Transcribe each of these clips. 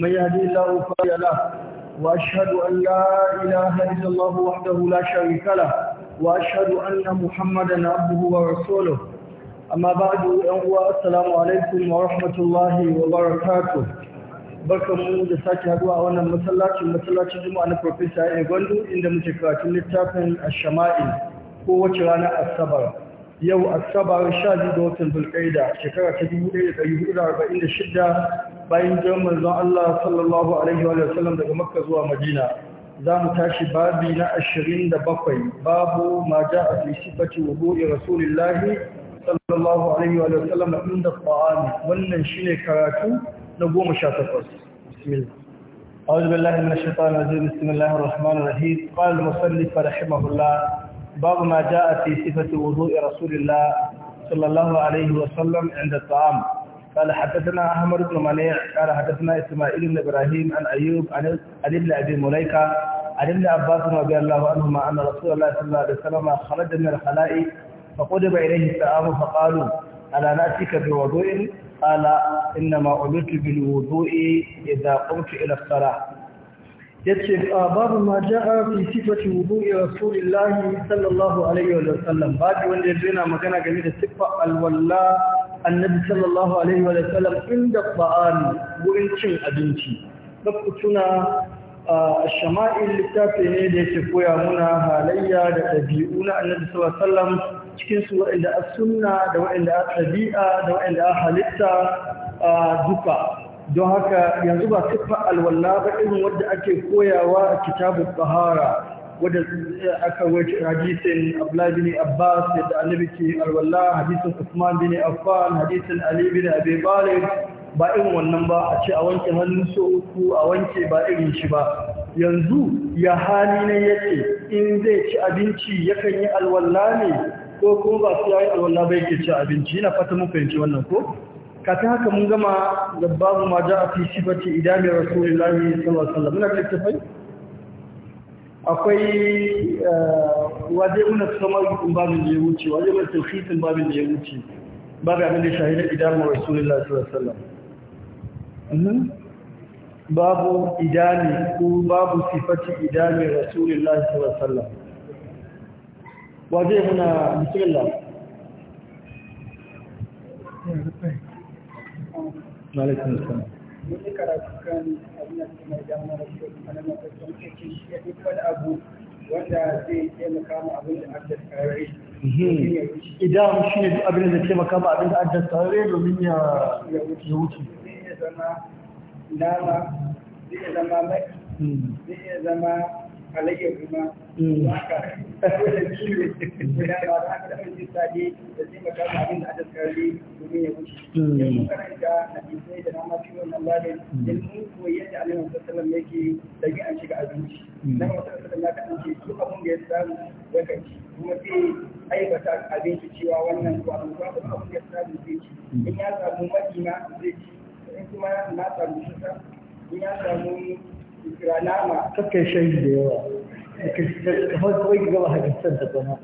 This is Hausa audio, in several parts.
من يهدي الله فلا له وأشهد أن لا إله إلا الله وحده لا شريك له وأشهد أن محمدا عبده ورسوله أما بعد أنواع السلام عليكم ورحمة الله وبركاته barkanmu da sake haduwa a wannan masallacin masallacin juma'a na Profesa Ene Gwandu inda muke karatun littafin Ash-Shama'il ko wace ranar Asabar. yau asabar sha biyu da watan zulkaida shekara ta dubu ɗaya da ɗari da arba'in da shida bayan jiran manzon Allah sallallahu alaihi wa sallam daga makka zuwa madina za mu tashi babi na ashirin da bakwai babu ma ja a fi sifati wa buɗe rasulillahi sallallahu alaihi wa sallam inda ta'ami wannan shine karatu na goma sha takwas bismillah أعوذ بالله من الشيطان الرجيم بسم الله الرحمن الرحيم قال المصنف رحمه الله باب ما جاء في صفة وضوء رسول الله صلى الله عليه وسلم عند الطعام قال حدثنا أحمد بن منيع قال حدثنا إسماعيل بن إبراهيم عن أيوب عن ابن أبي مليكة عن ابن عباس رضي الله عنهما أن رسول الله صلى الله عليه وسلم خرج من الخلاء فقدم إليه الطعام فقالوا ألا نأتيك بوضوء قال إنما أمرت بالوضوء إذا قمت إلى الصلاة yace babu ma ja'a fi sifati wudu'i rasulillahi sallallahu alaihi wa sallam babu wanda yazo yana magana game da siffa alwalla annabi sallallahu alaihi wa sallam inda ba'an wurin cin abinci babu tuna shama'il littafi ne da yake koya muna halayya da ɗabi'u na annabi sallallahu alaihi wa sallam cikin su waɗanda a sunna da waɗanda a ɗabi'a da waɗanda a halitta duka don haka yanzu ba siffa alwala ba irin wadda ake koyawa a kitabun tsahara wadda eh, aka wace hadisin Abdullahi bin Abbas da Annabi ke alwala hadisin Usman bin Affan hadisun Ali bin Abi Talib ba irin wannan ba a ce a wanke hannu so uku a wanke ba irin shi ba yanzu ya hali ne yake in zai ci abinci yakan yi alwala ne ko kuma ba su yayi alwala ba yake ci abinci yana fata mun fahimci wannan ko kata haka mun gama da babu ma ja a fi sifati idami rasulullahi sallallahu alaihi wasallam littafai akwai eh, waje muna samar babin da ya wuce waje mun tauhidin babin da ya wuce babu abin da shahidar idamin rasulullahi sallallahu babu idami ko babu sifati idami rasulullahi sallallahu alaihi wasallam waje muna bismillah Malaikun Islam. Wani karatu kan mai damar da a nan mafafin cikin shi ya wani abu wanda zai taimaka ma abin da mhm. Idan shi ne duk abin da zai taimaka ma abin da domin ya wuce. Zai iya zama nama, zai iya zama mai, mhm. zai iya zama halayyar kuma haka hmm. wanda shi ne da ba ta da ɗan jisade da sai maka abin da aka karbe domin ya wuce hmm. yanzu karanta na isai da nama fi wannan lalin hmm. yanzu mun koyi yadda alaihi wasallam yake dage an shiga abinci na wasallam ya kaɗan ce duk abin da ya samu ya kanci kuma sai aibata abinci cewa wannan ko abin da ya samu zai ci in ya samu madina zai ci in kuma na samu shuka in ya samu alama kakkai shayi da yawa ka farko yi gaba hajjisar da kuma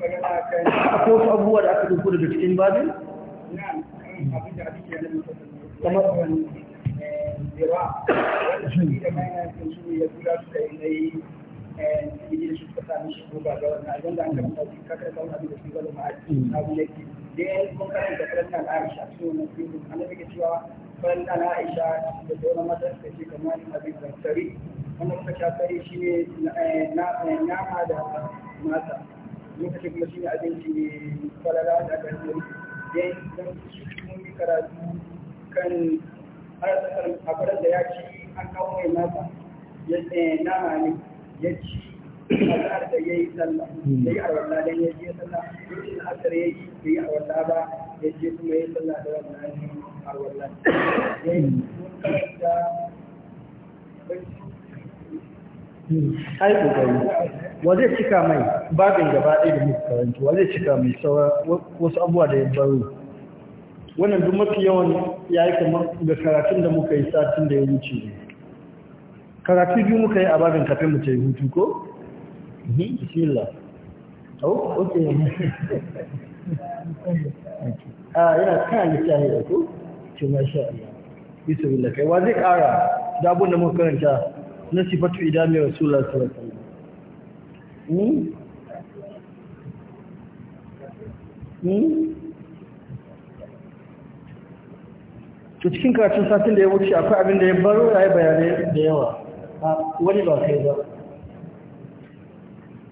akwai wasu abubuwa da aka duku daga cikin babin? kamar da da mun karanta farantan Aisha su ne su annabi ke cewa farantan Aisha da sauran mata suka ce kamar abin zakari wanda muka sha kare shi ne nama da mata muka ce kuma shi ne abinci ne falala da karfi dan dan mun yi karatu kan arzikin abin da ya ci an kawo mai mata ya nama ne ya ci azhar da yayi sallah sallah asar ba sallah da da ai kokari wa zai cika mai babin gaba ɗaya da muka karanta wa zai cika mai saura wasu abubuwa da ya baro wannan duk mafi yawan ya yi kamar ga karatun da muka yi satin da ya wuce ne karatu biyu muka yi a babin kafin mu ta yi hutu ko bismillah oh okay ah yana kan littafi da ku to masha Allah bismillah kai wa zai kara da abun da muka karanta na sifatu idami rasulullah sallallahu alaihi wasallam hmm? Hmm? to cikin karatun satin da ya wuce akwai abin da ya baro ya yi bayanai da yawa ah, wani ba kai ba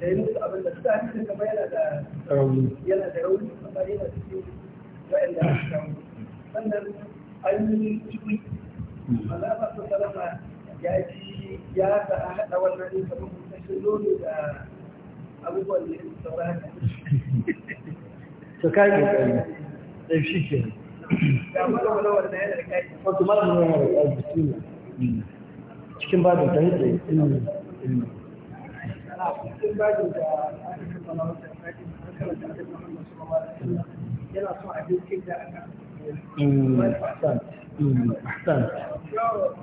da ya musu abin da suka hadisin kama yana da rauni yana da rauni amma yana da cikin wa'anda sannan cikin ya ya ta haɗa wannan ne kamar mutashin nono da abubuwan da ya saura haka to kai ke kai da shi ke da wani wannan yana da kai wato malamin yana da ne. cikin babin ta yadda ilmi ilmi yana son abincin da aka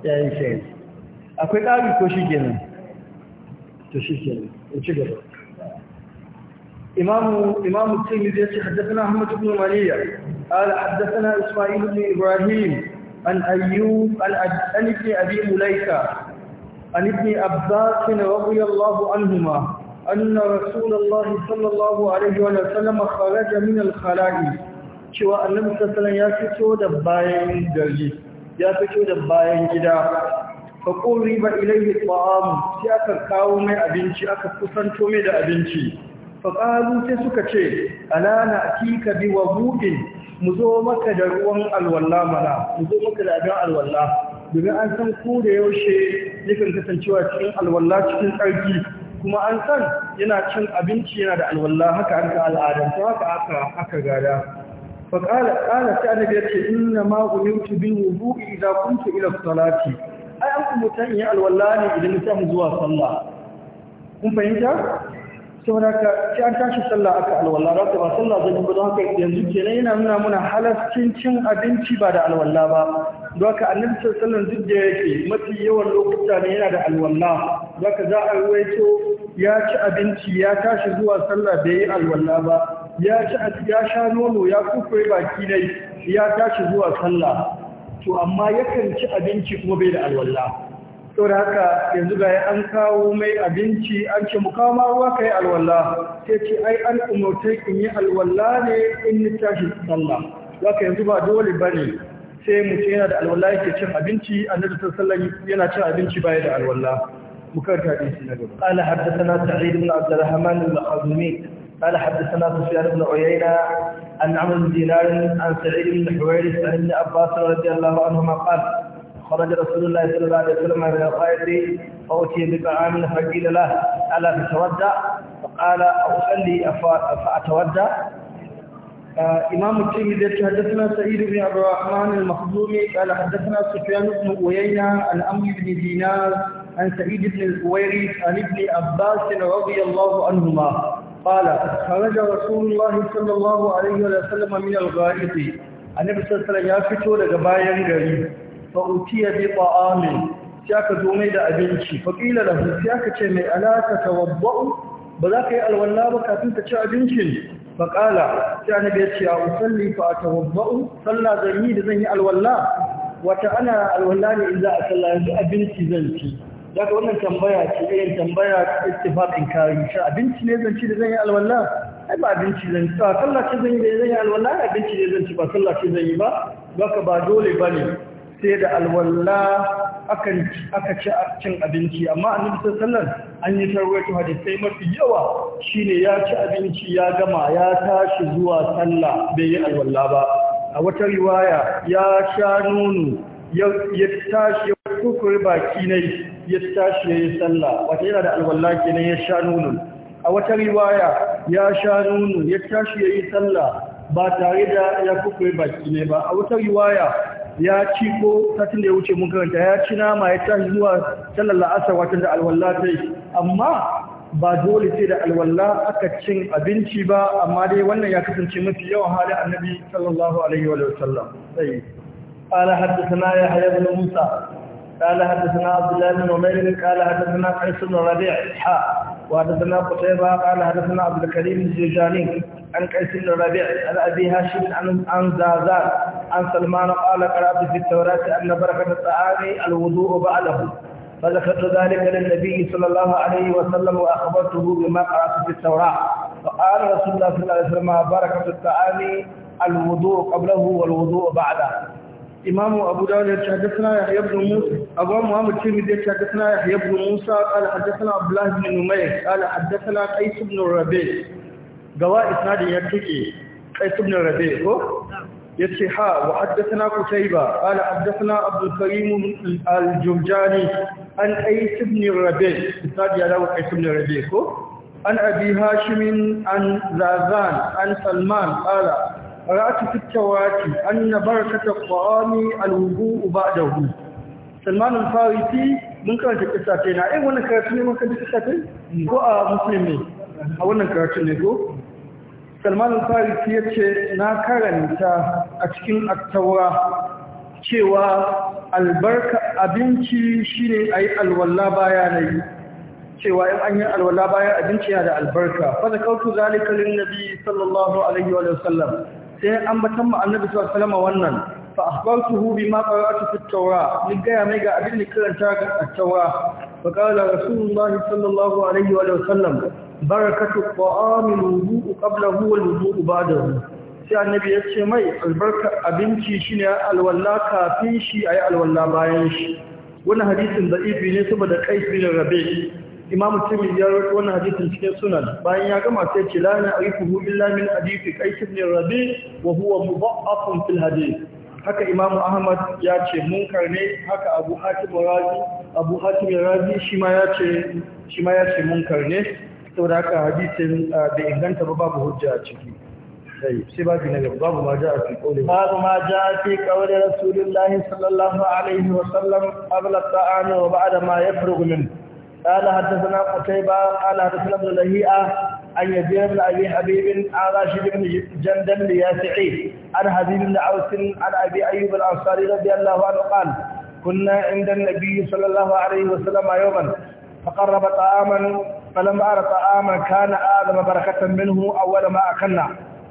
ya yi shayi akwai ƙari ko shi kenan to shi kenan in ci gaba إمام إمام الترمذي حدثنا أحمد بن منيع قال حدثنا إسماعيل بن إبراهيم عن أيوب عن ابن أبي مليكة عن ابن عباس رضي الله عنهما أن رسول الله صلى الله عليه وسلم خرج من الخلاء cewa annabi sallallahu ya fito da bayan garji ya fito da bayan gida fa quriba ilayhi ta'am sai aka kawo mai abinci aka kusanto mai da abinci fa qalu suka ce alana atika bi wabu'in mu zo maka da mu zo maka da abin alwalla domin an san ko da yaushe yakan kasancewa cikin alwala cikin tsarki kuma an san yana cin abinci yana da alwala haka an ka ta haka aka aka gada kala kala ta annabi yace inna ma umirtu bil wudu'i idza kuntu ila salati ai an ku in yi alwala ne idan mutum zuwa sallah kun fahimta saboda ka sai an tashi sallah aka alwala za ba sallah zai ba don haka yanzu kenan yana nuna muna halascin cin abinci ba da alwala ba doka annabi sallallahu duk da yake mafi yawan lokuta ne yana da alwalla Zaka za a waito ya ci abinci ya tashi zuwa sallah bai yi alwalla ba ya ci ya sha nono ya kufure baki dai ya tashi zuwa sallah to amma yakan ci abinci kuma bai da alwalla da haka yanzu ga an kawo mai abinci an ce mu kawo ma ruwa kai alwalla sai ce ai an umurtai in yi alwalla ne in ni tashi sallah Zaka yanzu ba dole bane sai mutum yana da alwala yake cin abinci annabi sallallahu yana cin abinci baya da alwala mukarta hadisi na gaba qala haddathana sa'id ibn abd alrahman al-khazumi qala haddathana sufyan ibn uyayna an amr bin dinar an sa'id ibn huwairis an ibn abbas radiyallahu anhuma qala خرج رسول الله صلى الله عليه وسلم من الغائب فأتي بطعام فقيل له ألا تتودع فقال أصلي فأتودع إمام الترمذي حدثنا سعيد بن عبد الرحمن المخزومي قال حدثنا سفيان بن أوينا عن أمر بن دينار عن سعيد بن الحويرث عن ابن عباس رضي الله عنهما قال خرج رسول الله صلى الله عليه وسلم من الغائط annabi sallallahu ya fito daga bayan gari fa utiya bi ta'amin sai aka zo mai da abinci fa qila lahu sai aka ce mai alaka tawaddu ba za ka yi alwala ba kafin ka ci abincin faƙala sai annabi ya ce a usalli fa atawadda'u sallah zan yi da zan yi alwala wata ana alwala ne in za a sallah yanzu abinci zan ci Za daga wannan tambaya ce irin tambaya istifaqin kayan sha abinci ne zan ci da zan yi alwala ai ba abinci zan ci ba sallah ce zan yi da zan yi alwala abinci ne zan ci ba sallah ce zan yi ba ka ba dole ba ne. sai da alwalla aka ci cin abinci amma a annabi sallar an yi tarwaito hadisai mafi yawa shine ya ci abinci ya gama ya tashi zuwa sallah bai yi alwalla ba a wata riwaya ya sha nunu ya tashi ya kukuri baki na ya tashi ya yi sallah wata yana da alwalla kenan ya sha nunu a wata riwaya ya sha nunu ya tashi ya yi sallah ba tare da ya kukuri baki ne ba a wata riwaya ya ci ko satin da ya wuce mun karanta ya ci nama ya tashi zuwa sallar la'asar wata da alwala ta amma ba dole sai da alwalla aka cin abinci ba amma dai wannan ya kasance mafi yawan Hali annabi sallallahu alaihi wa sallam sai ala na ya hayya musa قال حدثنا عبد الله بن عمير قال حدثنا قيس بن ربيع حاء وحدثنا قتيبة قال حدثنا عبد الكريم الزجاني عن قيس بن ربيع عن أبي هاشم عن عن زازان عن سلمان قال قرأت في التوراة أن بركة الطعام الوضوء بعده فذكرت ذلك للنبي صلى الله عليه وسلم وأخبرته بما قرأت في التوراة فقال رسول الله صلى الله عليه وسلم بركة الطعام الوضوء قبله والوضوء بعده إمام أبو داود حدثنا يحيى بن موسى أبو محمد الترمذي حدثنا يحيى بن موسى قال حدثنا عبد الله بن نمير قال حدثنا قيس بن الربيع جوا إسناد يكفي قيس بن الربيع هو يتحا وحدثنا قتيبة قال حدثنا عبد الكريم الجرجاني عن قيس بن الربيع إسناد يلا قيس بن الربيع هو عن أبي هاشم عن زازان عن سلمان قال ra'atu fi tawati anna barakata qawami alwudu ba'dahu Salman al-Farisi mun karanta kissa ta na eh wannan karatu ne mun karanta kissa ta ko a muslim a wannan karatu ne ko Salman al yace na karanta a cikin at cewa albarka abinci shine ayi alwala bayanai cewa in an yi alwala bayan abinci yana da albarka fa zakautu zalika lin nabi sallallahu alaihi wa sallam sai an batan ma annabi sallallahu alaihi wannan fa hu bima qara'tu fi at-taura ni gaya mai ga abin da karanta ga at-taura fa qala rasulullahi sallallahu alaihi wa sallam barakatu ta'amil wudu'u qablahu wal wudu'u ba'dahu sai annabi ya ce mai albarka abinci shine alwalla kafin shi ayi alwalla bayan shi wannan hadisin da'ifi ne saboda kaifi bin rabi' imamu tirmidhi ya rawaito wannan hadithin cikin sunan bayan ya gama sai ce la na'rifuhu illa min hadisi qais ibn rabi wa huwa mudha'afun fil hadith haka imamu ahmad ya ce munkar ne haka abu hatim razi abu hatim razi shi ma ya ce shi ya ce munkar ne Sau da haka hadithin da ah, inganta ba babu hujja a ciki sai babu na gaba babu ma ja'a fi qawli babu ma ja'a fi qawli rasulillahi sallallahu alaihi wa sallam qabla ta'ana wa ba'da ma yafrugu minhu قال حدثنا قتيبة قال حدثنا ابن لهيئة عن يزيد بن أبي حبيب عن راشد بن جندل الياسعي عن حبيب بن عوس عن أبي أيوب الأنصاري رضي الله عنه قال كنا عند النبي صلى الله عليه وسلم يوما فقرب طعاما فلما أرى طعاما كان آدم بركة منه أول ما أكلنا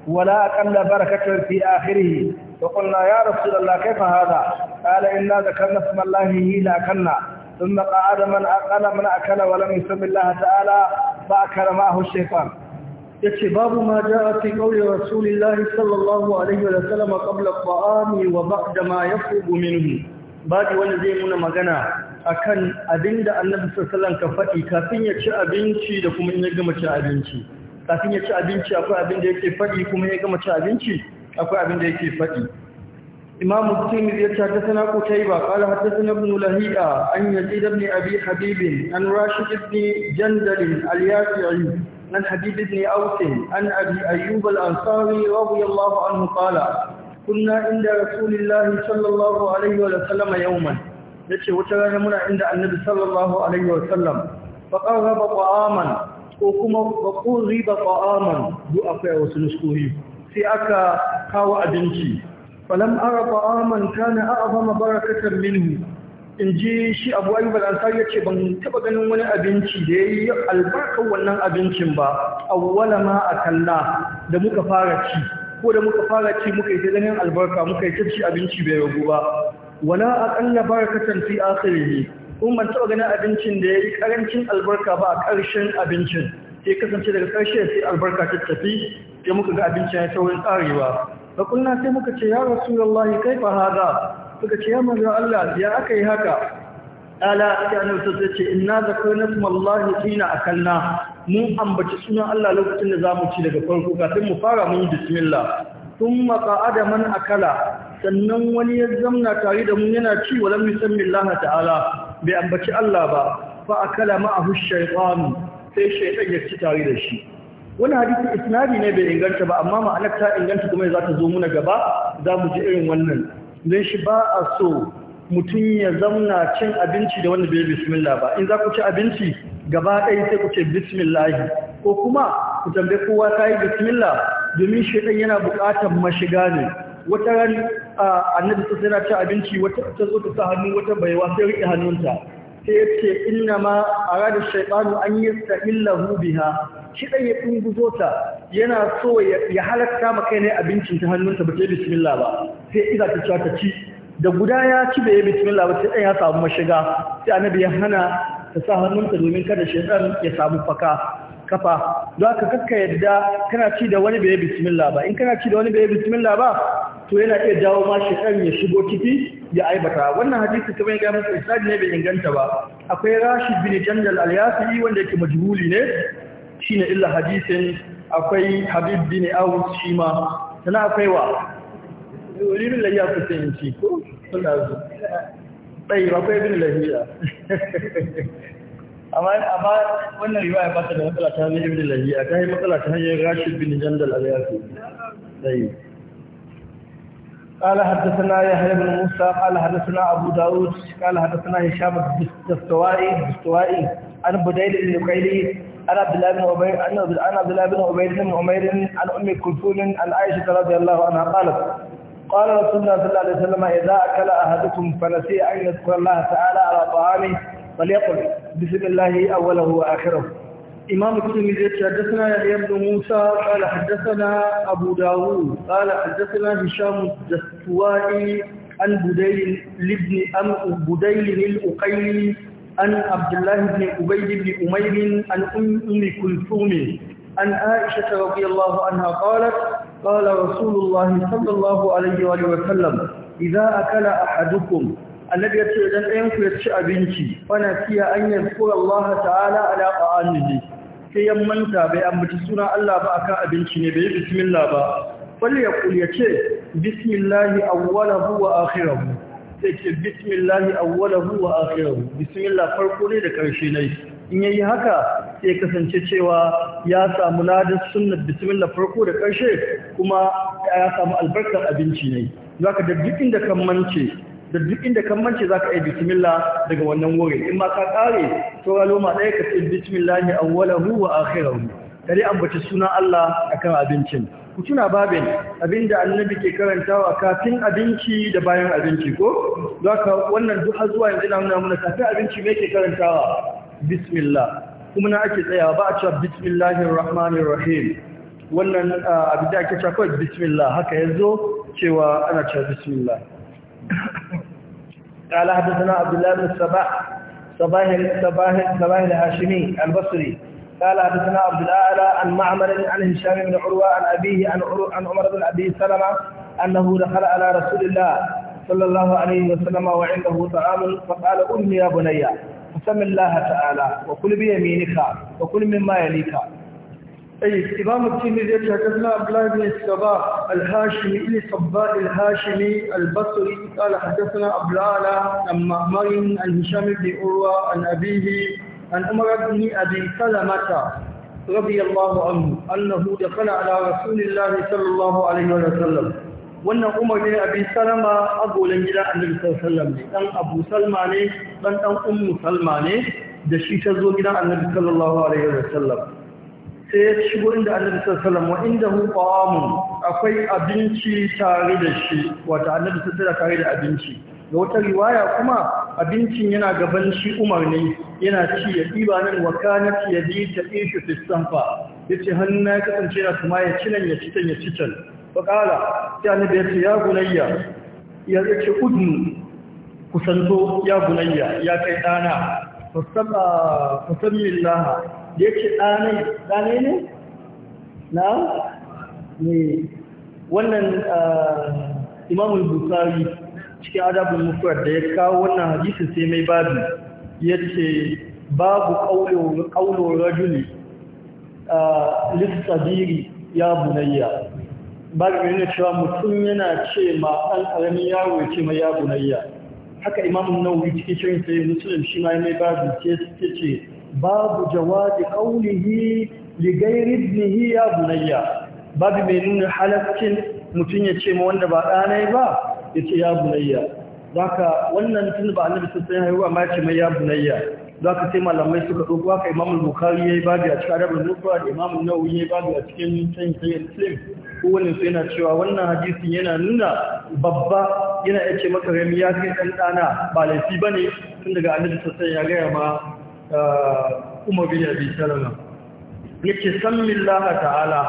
ولا أقل بركة في آخره وقلنا يا رسول الله كيف هذا قال إنا ذكرنا اسم الله هي لأكلنا ثم قعد من أقل من أكل ولم يسمي الله تعالى فأكل معه الشيطان يتباب ما جاء في قول رسول الله صلى الله عليه وسلم قبل الطعام وبعد ما يفرغ منه بعد wanda zai muna magana akan abinda annabi sallallahu ka faɗi kafin ya ci abinci da kuma in ya gama ci abinci kafin ya ci abinci akwai abin da yake faɗi kuma ya gama ci abinci akwai abin da yake faɗi إمام التيمر يتحدثنا قتيبة قال حدثنا ابن لهيئة عن يزيد بن أبي حبيب عن راشد بن جندل الياسعي عن حبيب بن أوس عن أبي أيوب الأنصاري رضي الله عنه قال كنا عند رسول الله صلى الله عليه وسلم يوما يتي وترانا عند النبي صلى الله عليه وسلم فقرب طعاما وكما وقرب طعاما دو أفعى وسنسكوه في أكا كاو أدنشي falam ara ta'aman kana a'zama barakatan minhu in ji shi abu ayyub al-ansari yace ban taba ganin wani abinci da yayi albarkar wannan abincin ba awwala ma akalla da muka fara ci ko da muka fara ci muka yi ta ganin albarka muka yi ci abinci bai ragu ba wala aqalla barakatan fi ne kuma ban taba ganin abincin da yayi karancin albarka ba a karshen abincin sai kasance daga karshe sai albarka ta tafi sai muka ga abincin ya saurin karewa fakulna sai muka ce ya rasulullahi kai hada suka ce ya manzo Allah ya aka yi haka ala sai annabi sai ce inna zakarna smallahi hina akalna mun ambaci sunan Allah lokacin da zamu ci daga farko kafin mu fara mun yi bismillah thumma qa'ada man akala sannan wani ya zamna tare da mun yana ci walam yusammillaha ta'ala bai ambaci Allah ba fa akala ma'ahu shaytan sai shaytan ya ci tare da shi wani hadisi isnadi ne bai inganta ba amma ma'anar ta inganta kuma za ta zo muna gaba za mu ji irin wannan don shi ba a so mutum ya zauna cin abinci da wanda bai bismillah ba in za ku ci abinci gaba ɗaya sai ku ce bismillah ko kuma ku tambaye kowa ta yi bismillah domin ɗan yana buƙatar mashiga ne wata ran annabi sai na ci abinci wata ta zo ta sa hannu wata wa sai riƙe hannunta sai ya ce inna ma a radar shaifanu an yi sa'illahu biha shi ɗan ya ɗunguzo yana so ya halatta maka ne abincin ta hannunsa ba ta yi bismillah ba sai iza ta cewa ta ci da guda ya ci bai bismillah ba sai ɗan ya samu mashiga sai annabi ya hana ta sa hannunta domin kada ɗan ya samu faka kafa don haka kakka yadda kana ci da wani bai bismillah ba in kana ci da wani bai bismillah ba to yana iya jawo ma kan ya shigo kifi ya aibata wannan hadisi kamar ga masa isnadi ne bai inganta ba akwai Rashid bin Jandal al yasi wanda yake majhuli ne shine illa hadisin akwai Habib bin Aus shi ma sana akwai wa Ibn Layya kusin shi ko sallallahu alaihi akwai bin Layya amma amma wannan riwaya ba ta da matsala ta hanyar ibn lahiya ta yi matsala ta hanyar rashid bin jandal al-yaqi sai قال حدثنا يحيى بن موسى قال حدثنا ابو داود قال حدثنا هشام الدستوائي الدستوائي عن بديل بن قيلي عن عبد الله بن عبيد عن عبد الله بن عبيد بن عمير عن ام كلثوم عن عائشه رضي الله عنها قالت قال رسول الله صلى الله عليه وسلم اذا اكل احدكم فنسي ان يذكر الله تعالى على طعامه فليقل بسم الله أوله وآخره إمام الترمذي حدثنا يحيى بن موسى قال حدثنا أبو داوود قال حدثنا هشام الدستوائي عن بديل لابن أم بديل الأقيلي عن عبد الله بن أبي بن أمير عن أم كلثوم عن عائشة رضي الله عنها قالت قال رسول الله صلى الله عليه وآله وسلم إذا أكل أحدكم annabi ya ce idan ɗayan ku ya ci abinci wana siya an ko Allah ta'ala ala qa'anihi sai ya manta bai ambaci suna Allah ba akan abinci ne bai yi bismillah ba ya yaqul ya ce bismillah awwalahu wa akhirahu sai ce bismillah awwalahu wa akhirahu bismillah farko ne da karshe ne in yayi haka sai kasance cewa ya samu ladan sunnar bismillah farko da karshe kuma ya samu albarkar abinci ne zaka da dukkan da kan mance da duk inda kan za ka yi bismillah daga wannan wurin in ma ka kare saura loma ɗaya ka ce bismillah ne awwalahu wa akhirahu an ambaci suna Allah akan abincin ku tuna babin abinda annabi ke karantawa kafin abinci da bayan abinci ko zaka wannan duk har zuwa yanzu na nuna kafin abinci me ke karantawa bismillah kuma na ake tsayawa ba a cewa bismillahir rahmanir rahim wannan abin da ake cewa kawai bismillah haka yanzu cewa ana cewa bismillah قال حدثنا عبد الله بن الصباح صباح صباح صباح الهاشمي البصري قال حدثنا عبد الاعلى عن معمر عن هشام بن عروه عن ابيه عن عن عمر بن ابي سلمه انه دخل على رسول الله صلى الله عليه وسلم وعنده طعام فقال امي يا بني فسم الله تعالى وكل بيمينك وكل مما يليك أي إمام الترمذي حدثنا عبد الله بن الصباح الهاشمي الصباء الهاشمي البصري قال حدثنا عبد عن معمر عن هشام بن عروة عن أبيه عن عمر بن أبي سلمة رضي الله عنه أنه دخل على رسول الله صلى الله عليه وسلم wannan umar ne abi salama agolan gida annabi sallallahu alaihi wasallam ne dan abu salma ne dan dan ummu salma ne da shi ta zo gidan annabi sallallahu alaihi wasallam sai ya shigo inda annabi sallallahu alaihi wasallam wa indahu akwai abinci tare da shi wato annabi sallallahu alaihi tare da abinci da wata riwaya kuma abincin yana gaban shi Umar ne yana ci ya diba nan wa kanat yadi ta ishu fi sanfa yace hannu ya kasance yana kuma ya ci nan ya ci tan ya ci tan fa kala sai annabi ya ce ya gunayya ya ce udnu kusanto ya gunayya ya kai dana musamman laha ya ce ɗane ɗane ne? na? ne wannan imamul bukari cikin adabin mufuwar da ya kawo wannan hadisun sai mai babu ya ce babu ƙaunar rajuli lissabiri ya bunayya babu yana cewa mutum yana ce ma ɗan ƙaramin yaro ya ce ma ya bunayya haka imamun nauyi cikin shirin sai muslim shi ma mai babu ce suke ce babu jawadi kaunihi ligai ribnihi ya bunayya babu mai nuna halaccin mutum ya ce ma wanda ba ɗanai ba ya ce ya bunayya ka wannan tun ba annabi sun san haihuwa ma ce mai ya bunayya za ka sai malamai suka ɗauko haka imamul bukari ya yi babi a cikin arabin da imamul nawu ya yi babi a cikin sayin sayin ko kowane su yana cewa wannan hadisin yana nuna babba yana yace maka rami ya ɗan ɗana ba laifi ba ne tun daga annabi sassan ya gaya ma eh, umar bin abi salama yake sammillah ta'ala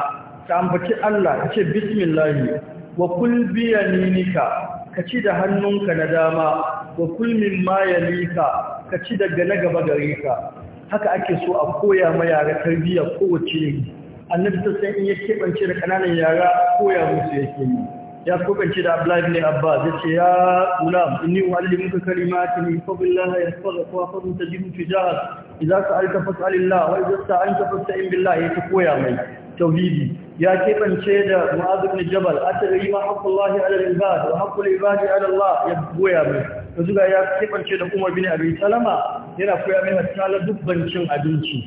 ka ambaci Allah ce bismillah wa kul biyaninika ka ci da hannunka na dama wa kul mimma yalika ka ci daga na gaba gare ka haka ake so a koya ma yara tarbiyyar kowace iri annabi ta san in ya keɓance da ƙananan yara koya musu yake yi ya keɓance da abdullahi ibn abbas ya ce ya gulam inni uallimuka kalimatin min fadlillahi yahfazuka wa fadlun tajidu tujahak idza sa'alta fas'alillah wa idza sta'anta fasta'in billah ya ta koya mai tauhidi ya kebance da mu'adh ibn jabal atari ma haqqullahi 'ala al-ibad wa haqqul ibadi 'ala Allah ya goya mai yanzu ga ya kebance da Umar bin Abi Salama yana koya mai hatta dubbancin abinci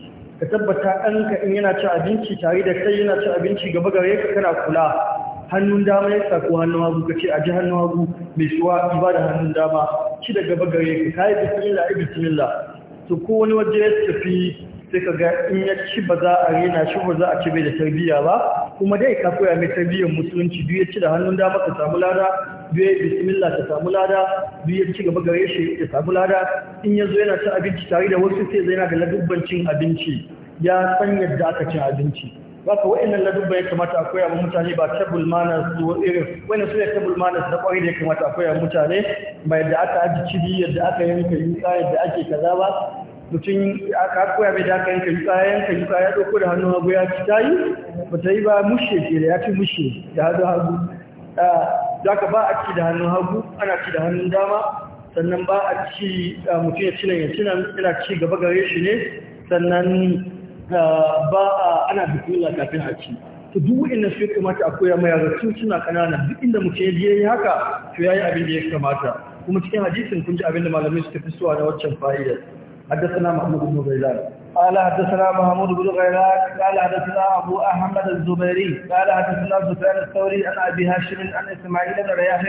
ka tabbata ɗanka in yana ci abinci tare da kai yana ci abinci gaba gare ka kana kula hannun dama ya sa ko hannun hagu ka ce a ji hannun hagu mai suwa ba da hannun dama ci da gaba gare ka kayi bismillah ai bismillah to ko wani waje ya tafi sai ka ga in ya ci ba za a rena shi ba za a ci bai da tarbiyya ba kuma dai ka koya mai tarbiyyar musulunci duk ya ci da hannun dama ka samu lada duk ya bismillah ka samu lada duk ya ci gaba gare shi ya samu lada in ya zo yana cin abinci tare da wasu sai zai na da ladubban cin abinci ya san yadda aka cin abinci baka wa'annan ladubban ya kamata a koya wa mutane ba table manners ko irin wani su ne table manners da kwari da ya kamata a koya mutane ba yadda aka aji cibi yadda aka yanka yuka yadda ake kaza ba mutum a koya mai da aka yanka yuka ya yanka yuka ya ɗauko da hannun hagu ya ci ta yi ba ta yi ba mushe ke da ya fi mushe da hannu hagu za ah, ka ba a ci da hannun hagu ana ci da hannun dama sannan ba a ci ah, mutum ya ci nan ya ci nan yana ci gaba gare shi ne sannan ah, ba a ana bismillah kafin a ci to duk inda su kamata a koya mai yara suna kanana duk inda mutum ya yi haka to yayi abin da ya kamata kuma cikin hadisin kun ji abin da malamai suka fi suwa na waccan fa'idar حدثنا محمود بن غيلان قال حدثنا محمود بن غيلان قال حدثنا أبو أحمد الزبيري قال حدثنا سفيان الثوري عن أبي هاشم عن إسماعيل بن رياح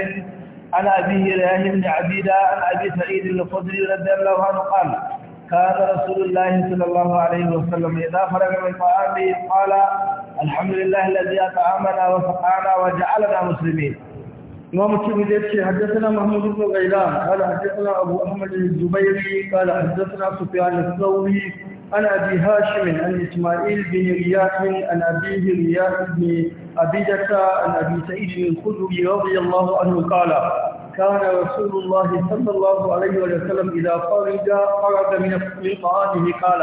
عن أبيه رياح بن عبيدة عن أبي سعيد الخدري رضي الله عنه قال كان رسول الله صلى الله عليه وسلم إذا فرغ من طعامه قال الحمد لله الذي أطعمنا وسقانا وجعلنا مسلمين إمام الترمذي حدثنا محمود بن غيلان قال حدثنا أبو أحمد الزبيري قال حدثنا سفيان الثوري عن أبي هاشم عن إسماعيل بن رياح عن أبيه رياح بن أبيدة عن أبي سعيد الخدري رضي الله عنه قال كان رسول الله صلى الله عليه وسلم إذا فرج فرج من طعامه قال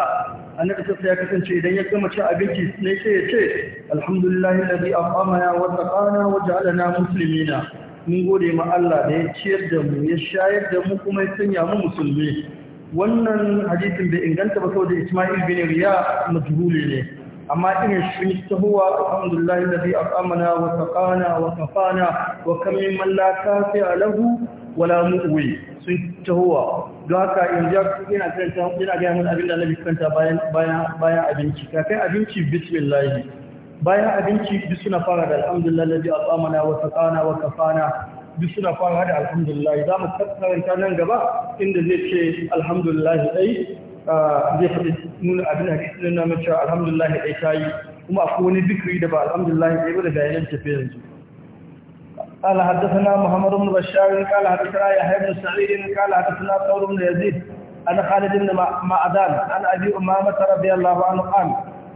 annabi sai ya kasance idan ya gama cin abinci ne sai ya ce alhamdulillahi alladhi at'amana wa taqana wa ja'alana muslimina mun gode ma Allah da ya ciyar da mu ya shayar da mu kuma ya sanya mu musulmi wannan hadisin bai inganta ba saboda Isma'il bin Riya majhuli ne amma ina shi tahuwa alhamdulillahi alladhi aqamana wa saqana wa kafana wa kam min man la alahu lahu wala mu'wi sun huwa. don haka yanzu ina karanta ina ga mun abin da Annabi kanta bayan bayan bayan abinci kafin abinci bismillah bayan abinci duk suna fara da alhamdulillah ladhi at'amana wa saqana wa kafana duk suna fara da alhamdulillah za mu karanta nan gaba inda zai ce alhamdulillah dai zai faɗi nuna abin da kike nuna mace alhamdulillah dai tayi kuma akwai wani zikiri da ba alhamdulillah dai ba da yayin tafi yanzu قال حدثنا محمد بن بشار قال حدثنا يحيى بن سعيد قال حدثنا ثور بن يزيد عن خالد بن معدان عن ابي امامه رضي الله عنه قال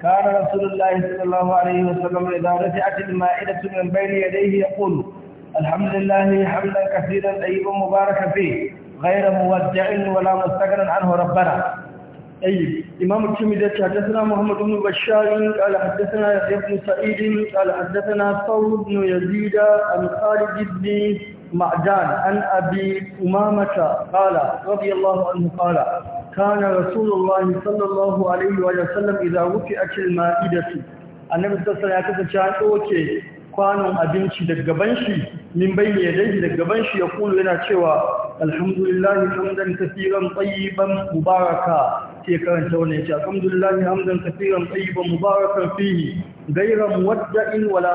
كان رسول الله صلى الله عليه وسلم إذا رجعت المائدة من بين يديه يقول الحمد لله حمدا كثيرا طيبا مباركا فيه غير مودع ولا مستغنى عنه ربنا أي إمام الترمذي حدثنا محمد بن بشار قال حدثنا يحيى بن سعيد قال حدثنا ثور بن يزيد عن خالد بن معدان عن أبي أمامة قال رضي الله عنه قال كان رسول الله صلى الله عليه وسلم إذا وكئت المائدة النبي صلى الله عليه وسلم يقول أوكي kwanon abinci daga gaban shi min ya yadayhi daga gaban shi ya kulu yana cewa alhamdulillahi hamdan kaseeran tayyiban mubaraka ke karanta wannan yace alhamdulillahi hamdan kaseeran tayyiban mubarakan fihi ghayra muwadda'in wala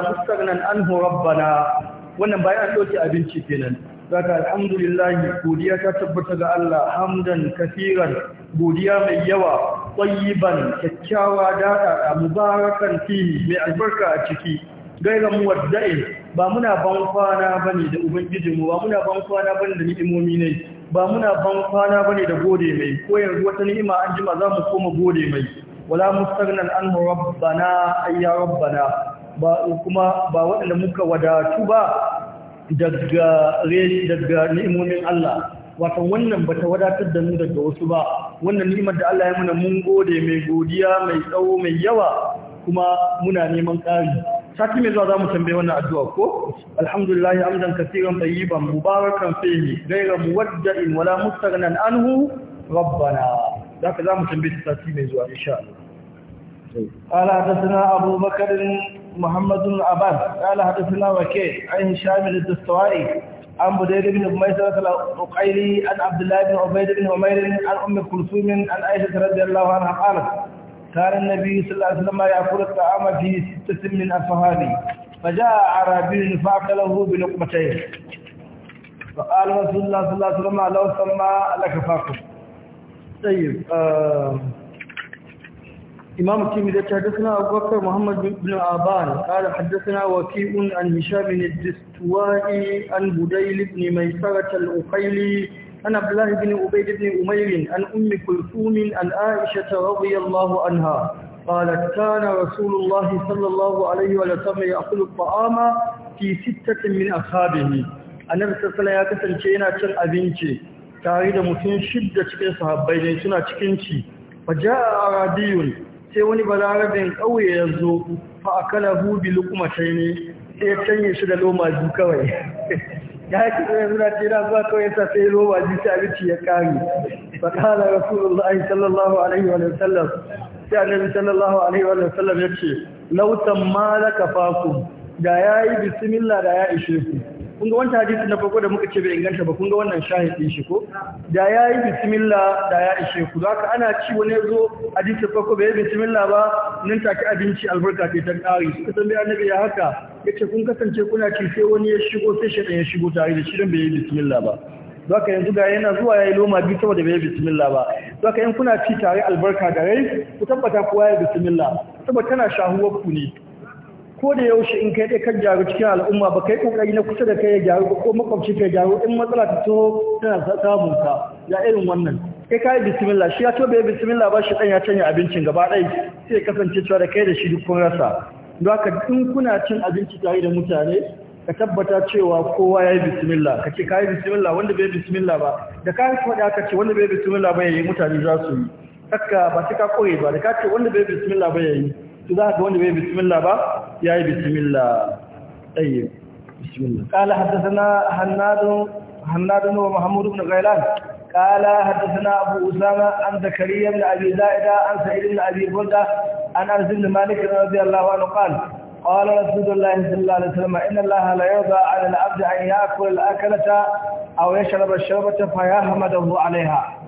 wannan bayan an doke abinci kenan Zaka alhamdulillah godiya ta tabbata ga Allah hamdan kafiran godiya mai yawa tayyiban kyakkyawa daɗaɗa mubarakan fi mai albarka a ciki gaira muwadda'in ba muna ban kwana bane da mu ba muna ban kwana bane da ni'imomi ne ba muna ban kwana bane da gode mai ko yanzu wata ni'ima an jima za mu koma gode mai wala mustaghnan an rabbana ayya rabbana ba kuma ba waɗanda muka wadatu ba daga daga ni'imomin Allah wato wannan bata wadatar da mu daga wasu ba wannan ni'imar da Allah ya mana mun gode mai godiya mai tsawo mai yawa kuma muna neman ƙari sati mai zuwa za mu tambaye wannan addu'a ko alhamdulillah amdan kaseeran tayyiban mubarakan fihi ghayra muwajjin wala mustaghnan anhu rabbana zaka zamu tambaye sati mai zuwa insha Allah قال حدثنا أبو بكر محمد بن عباد قال حدثنا وكيع عن هشام الدستوائي عن بدير بن ميسرة العقيلي عن عبد الله بن عبيد بن عمير عن أم كلثوم عن عائشة رضي الله عنها قالت كان النبي صلى الله عليه وسلم يأكل الطعام في ستة من أصحابه فجاء أعرابي فأكله بلقمتين فقال رسول الله صلى الله عليه وسلم لو سمى لكفاكم طيب آه إمام الترمذي حدثنا أبو بكر محمد بن عبان قال حدثنا وكيء عن هشام الدستوائي عن بديل بن ميسرة الأخيلي عن عبد الله بن عبيد بن أمير عن أم كلثوم عن عائشة رضي الله عنها قالت كان رسول الله صلى الله عليه وسلم يأكل الطعام في ستة من أصحابه annabi sallallahu ya kasance yana cin abinci tare da mutum shidda cikin sahabbai ne suna cikin ci faja'a arabiyun sai wani balarabin ƙauye ya zo fa a kala hubi lukumatai ne sai ya canye shi da loma biyu kawai ya haƙi tsaye suna ce na zuwa kawai sa sai loma biyu sai abinci ya ƙari fa kala rasulullahi sallallahu alaihi wa sallam sai annabi sallallahu alaihi wa sallam ya ce lautan ma laka fakum da ya yi bismillah da ya ishe ku kun ga wancan hadisi na farko da muka ce bai inganta ba kun ga wannan shahidin shi ko da ya yi bismillah da ya ishe ku haka ana ci wani zo hadisi farko bai yi bismillah ba nan take abinci albarka ce ta kare suka tambaye annabi ya haka yace kun kasance kuna ci sai wani ya shigo sai shi ya shigo tare da shi dan bai yi bismillah ba zaka yanzu ga yana zuwa yayi loma biyu saboda bai yi bismillah ba zaka in kuna ci tare albarka da rai ku tabbata kowa ya bismillah saboda tana shahuwar ku ne ko da yaushe in kai kan jaru cikin al'umma ba kai kokari na kusa da kai ya jaru ko makwabci kai jaru in matsala ta taho tana samun ka ya irin wannan kai kai bismillah shi ya to bai bismillah ba shi dan ya canya abincin gaba ɗaya sai kasance cewa da kai da shi duk kun rasa don haka in kuna cin abinci tare da mutane ka tabbata cewa kowa ya yi bismillah ka ce ka yi bismillah wanda bai bismillah ba da ka faɗa ka ce wanda bai bismillah ba ya yi mutane za su yi haka ba ta ka koyi ba da ka ce wanda bai bismillah ba ya yi تذهب وين بسم الله با يا إيه بسم الله اي طيب، بسم الله قال حدثنا حناد حناد بن محمود بن غيلان قال حدثنا ابو اسامه عن زكريا بن ابي زائدة عن سعيد بن ابي بردة عن انس بن مالك رضي الله عنه قال قال رسول الله صلى الله عليه وسلم ان الله لا يرضى على العبد ان ياكل الاكله او يشرب الشربة فيحمده عليها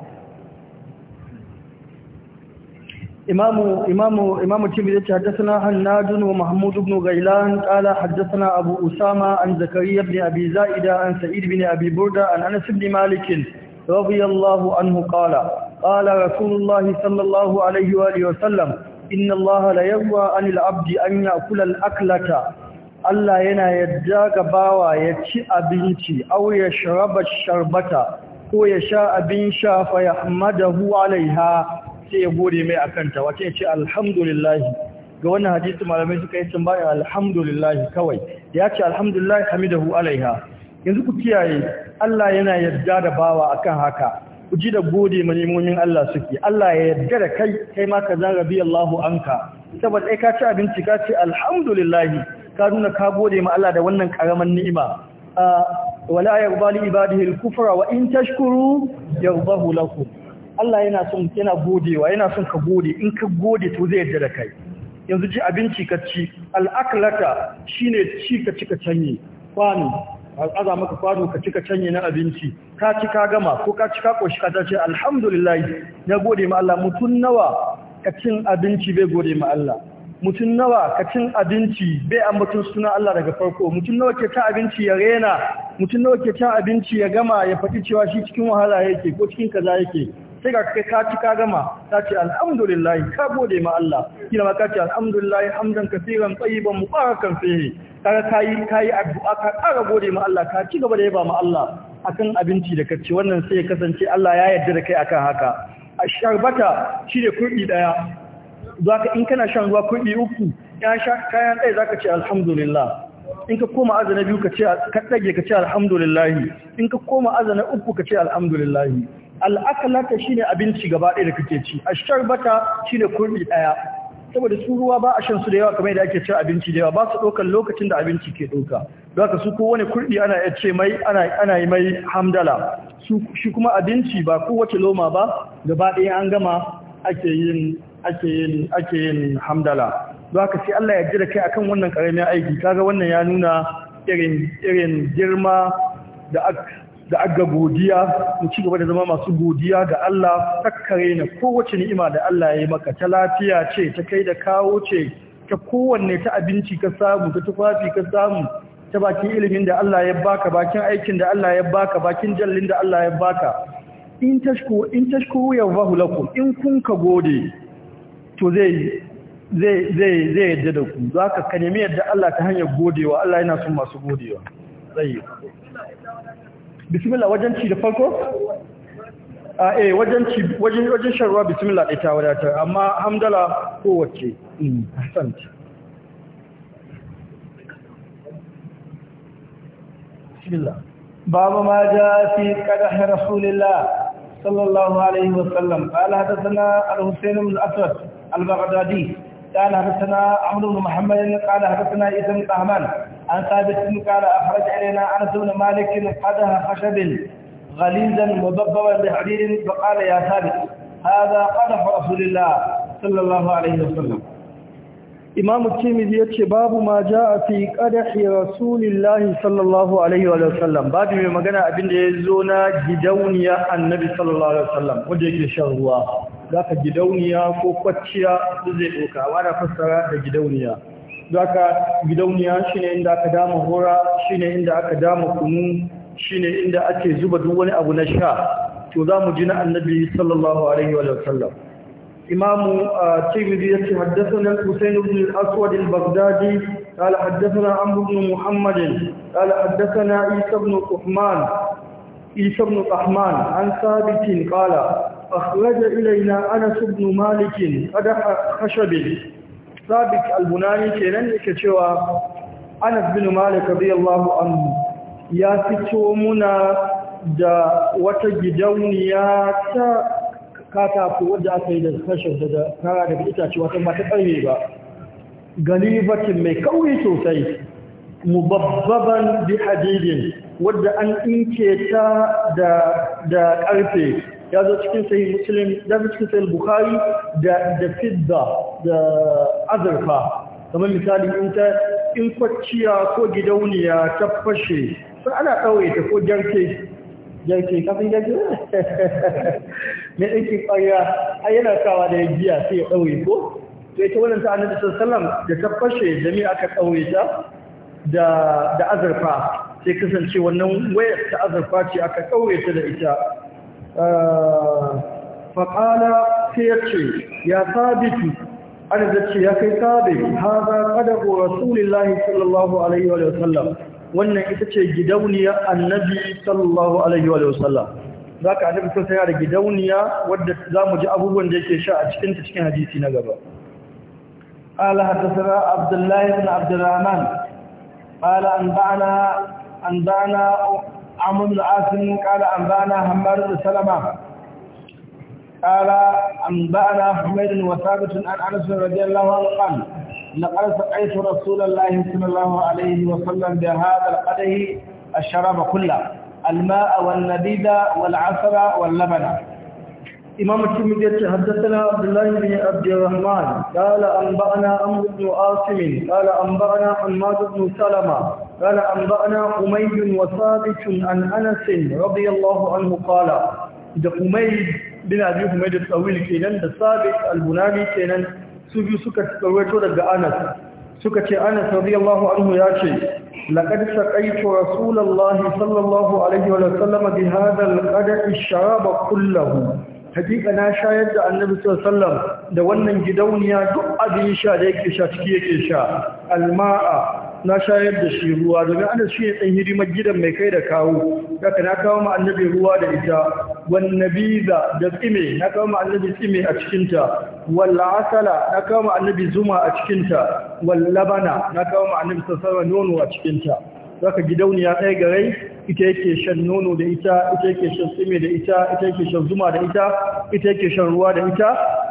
إمام إمام إمام الترمذي حدثنا هناد ومحمود بن غيلان قال حدثنا أبو أسامة عن زكريا بن أبي زائدة عن سعيد بن أبي بردة عن أنس بن مالك رضي الله عنه قال قال رسول الله صلى الله عليه وآله وسلم إن الله لا يرضى عن العبد أن يأكل الأكلة Allah yana yadda ga bawa ya ci abinci au ya sharaba sharbata ko ya sha abin sha fa yahmadahu alaiha sai ya gode mai akan ta wata ya ce alhamdulillahi. ga wannan hadisi malamai suka yi tambaya alhamdulillahi kawai ya ce alhamdulillahi hamidahu alaiha yanzu ku kiyaye Allah yana yarda da bawa akan haka ku ji da gode ma nemomin Allah suke Allah ya yarda da kai kai ma ka zarabi Allahu anka saboda ai ka ci abinci ka ce alhamdulillahi ka nuna ka gode ma Allah da wannan karaman ni'ima wala yarda ibadihi al-kufra wa in tashkuru yardahu lakum Allah yana son yana godewa yana son ka gode in ka gode to zai yarda da kai yanzu ji abinci ka ci al'aklaka shine ci ka ci ka canye kwano aza maka kwano ka ci ka canye na abinci ka ci ka gama ko ka ci ka koshi ka ce alhamdulillah na gode ma Allah mutun nawa ka cin abinci bai gode ma Allah mutun nawa ka cin abinci bai ambaton suna Allah daga farko mutun nawa ke ta abinci ya rena mutun nawa ke ta abinci ya gama ya faɗi cewa shi cikin wahala yake ko cikin kaza yake sai ga kai ka ci ka gama ka ce alhamdulillah ka gode ma Allah kina ma ka ce alhamdulillah hamdan kaseeran tayyiban mubarakan fihi kaga kai kai addu'a ka kara gode ma Allah ka ci gaba da yaba ma Allah akan abinci da kace wannan sai ya kasance Allah ya yarda da kai akan haka a shine shi ne zaka ɗaya za ka in kana shan ruwa kurbi uku kayan ɗaya za ce alhamdulillah in ka koma azana biyu ka ce ka ce alhamdulillah in ka koma azana uku ka ce alhamdulillah al'akalata ne abinci gaba ɗaya da kake ci a shi ne kurɗi ɗaya saboda su ruwa ba a shan su da yawa kamar yadda ake cin abinci da yawa ba su ɗaukar lokacin da abinci ke ɗauka don ka su ko wani kurɗi ana iya ce mai ana yi mai hamdala shi kuma abinci ba kowace loma ba gaba ɗaya an gama ake yin ake yin ake yin hamdala don haka sai Allah ya ji da kai akan wannan ƙaramin aiki Ka ga wannan ya nuna irin girma da da aga godiya mu ci gaba da zama masu godiya ga Allah takkare na kowace ni'ima da Allah ya yi maka ta lafiya ce ta kai da kawo ce ta kowanne ta abinci ka samu ta tufafi ka samu ta bakin ilimin da Allah ya baka bakin aikin da Allah ya baka bakin jallin da Allah ya baka in tashku in tashku wahu lakum in kun ka gode to zai zai zai zai yadda da ku zaka ka yadda Allah ta hanyar godewa Allah yana son masu godewa zai bismillah wajen ci da farko a ah, eh wajen ci wajen wajen shan ruwa bismillah ɗaya ta wadatar amma hamdala kowace mm, hasanci bismillah باب ما جاء في قدح رسول الله صلى الله عليه وسلم قال حدثنا الحسين بن الأسود البغدادي قال حدثنا عمرو بن محمد قال حدثنا طهمان عن ثابت قال أخرج علينا أنس بن مالك قدها خشب غليظا مضببا بحرير فقال يا ثابت هذا قدح رسول الله صلى الله عليه وسلم إمام الترمذي يتشي باب ما جاء في قدح رسول الله صلى الله عليه وسلم باب ما مغنى أبن يزونا جدونيا النبي صلى الله عليه وسلم وديك شهوا ذاك جدونيا كو كوتشيا زي دوكا وانا فسرها جدونيا zaka gidauniya shine inda aka dama hora shine inda aka dama kunu shine inda ake zuba duk wani abu na sha to za mu ji na annabi sallallahu alaihi wa sallam imamu tirmidhi ya ce haddathana al-husayn ibn al-aswad al-baghdadi قال حدثنا عمرو بن محمد قال حدثنا عيسى بن طحمان عيسى بن طحمان عن ثابت قال أخرج إلينا أنس بن مالك قدح خشب sabit al-bunani kenan yake cewa Anas bin Malik radiyallahu anhu ya fito muna da wata gidauniya ta katako wadda aka yi da kashin da kara daga itace wata ba ta karye ba galibatin mai kauri sosai mubabban bi hadidin wadda an inke ta da da karfe ya zo cikin sahih muslim da cikin sahih bukhari da da fidda da azurfa kamar misali in ta in kwacciya ko gidauniya ta fashe sai ana ɗauye ta ko jarke jarke kafin jarke ne ɗinkin ƙarya yana kawa da giya sai ya ɗauye ko to ita wannan ta annabi sallallahu da ta fashe da me aka ta da da azurfa sai kasance wannan wayar ta azurfa ce aka ɗauye ta da ita faƙala sai ya ce ya sabitu ana zace ya kai sabi haza qadabu rasulillahi sallallahu alaihi wa sallam wannan ita ce gidauniya annabi sallallahu alaihi wa sallam Za ka annabi sai yana da gidauniya wadda za mu ji abubuwan da yake sha a cikinta cikin hadisi na gaba قال حدثنا عبد الله بن عبد الرحمن قال أنبعنا أنبعنا عمرو بن عاصم قال أنبأنا همار بن سلمة قال أنبأنا حميد وثابت عن أنس رضي الله عنه قال لقد سقيت رسول الله صلى الله عليه وسلم بهذا القدح الشراب كله الماء والنبيذ والعسل واللبن إمام الترمذي حدثنا عبد الله بن عبد الرحمن قال أنبأنا عمرو بن عاصم قال أنبأنا حماد بن سلمة قال أنبأنا قمي وثابت عن أنس رضي الله عنه قال da kumai bin abi kumai da tsawil kenan da sabit albunani kenan su biyu suka tsawaito daga anas suka ce anas radiyallahu anhu ya ce laqad saqaitu rasulullahi sallallahu alaihi wa sallam bi hadha alqada'i sharaba kullahu hakika na shayar da annabi sallallahu alaihi da wannan gidauniya duk abin sha da yake sha ciki yake sha alma'a na shayar da shi ruwa domin ana shi ɗan hidimar gidan mai kai da kawo daga na kawo ma annabi ruwa da ita wan nabiza da tsime na kawo ma annabi tsime a cikinta wal asala na kawo ma annabi zuma a cikinta wal labana na kawo ma annabi sassawa nono a cikinta zaka gidauniya ɗaya ga rai ita yake shan nono da ita ita yake shan tsime da ita ita yake shan zuma da ita ita yake shan ruwa da ita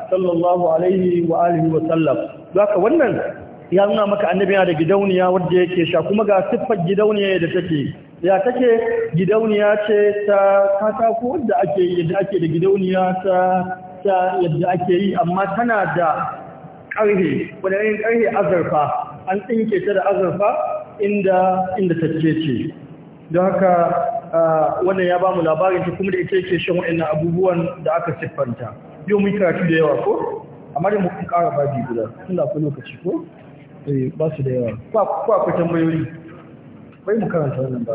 sallallahu alaihi wa alihi wa sallam zaka wannan ya nuna maka annabi yana da gidauniya wadda yake sha kuma ga siffar gidauniya da take ya take gidauniya ce ta katako wadda ake yi yadda ake da gidauniya ta ta yadda ake yi amma tana da ƙarhe wadda yin ƙarhe azurfa an tsinke ta da azurfa inda inda tacce ce don haka wannan ya ba mu labarin ta kuma da ita yake shan wa'annan abubuwan da aka siffanta yau mun karatu da yawa ko amma da mu ƙara babi guda da da lokaci ko eh ba su da yawa kwa kwa ku tambayoyi bai mu karanta wannan ba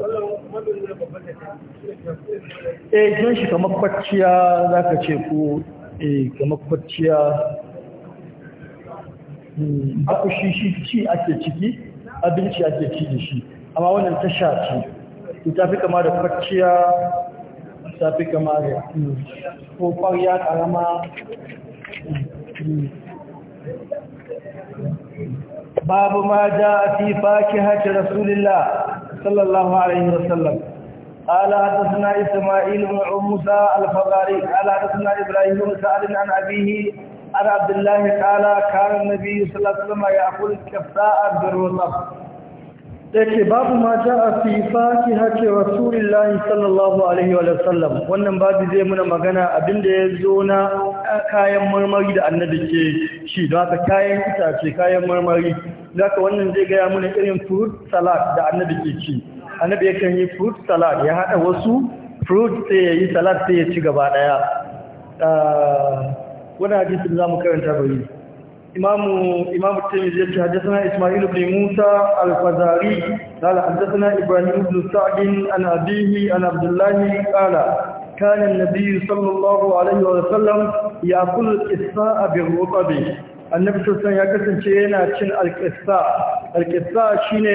eh don shi kamar kwacciya zaka ce ko eh kamar kwacciya hmm, aku shi shi ci ake ciki abinci ake ci da shi amma wannan ta sha ce ta fi kama da kwacciya ta fi kama da hmm, ko kwarya karama hmm, باب ما جاء في فاكهة رسول الله صلى الله عليه وسلم قال حدثنا إسماعيل بن موسى الفقاري قال حدثنا إبراهيم بن سعد عن أبيه عن عبد الله قال كان النبي صلى الله عليه وسلم يأكل كفاء بالرطب yake babu ma ja'a fi fakihati rasulillahi sallallahu alaihi wa sallam wannan babu zai muna magana abinda ya zo na kayan marmari da annabi ke shi don haka kayan itace kayan marmari zaka wannan zai gaya mana irin fruit salad da annabi ke ci annabi ya kan yi fruit salad ya hada wasu fruit sai ya yi salad sai ya ci gaba daya ah, wani za mu karanta bari imamu imamu tirmidhi yace hadathana isma'il ibn musa al-fazari qala hadathana ibrahim ibn sa'd an abihi an abdullah qala كان sallallahu alaihi الله عليه وسلم يأكل الإساء بالرطب annabi sosan ya kasance yana cin alƙisa alƙisa shi ne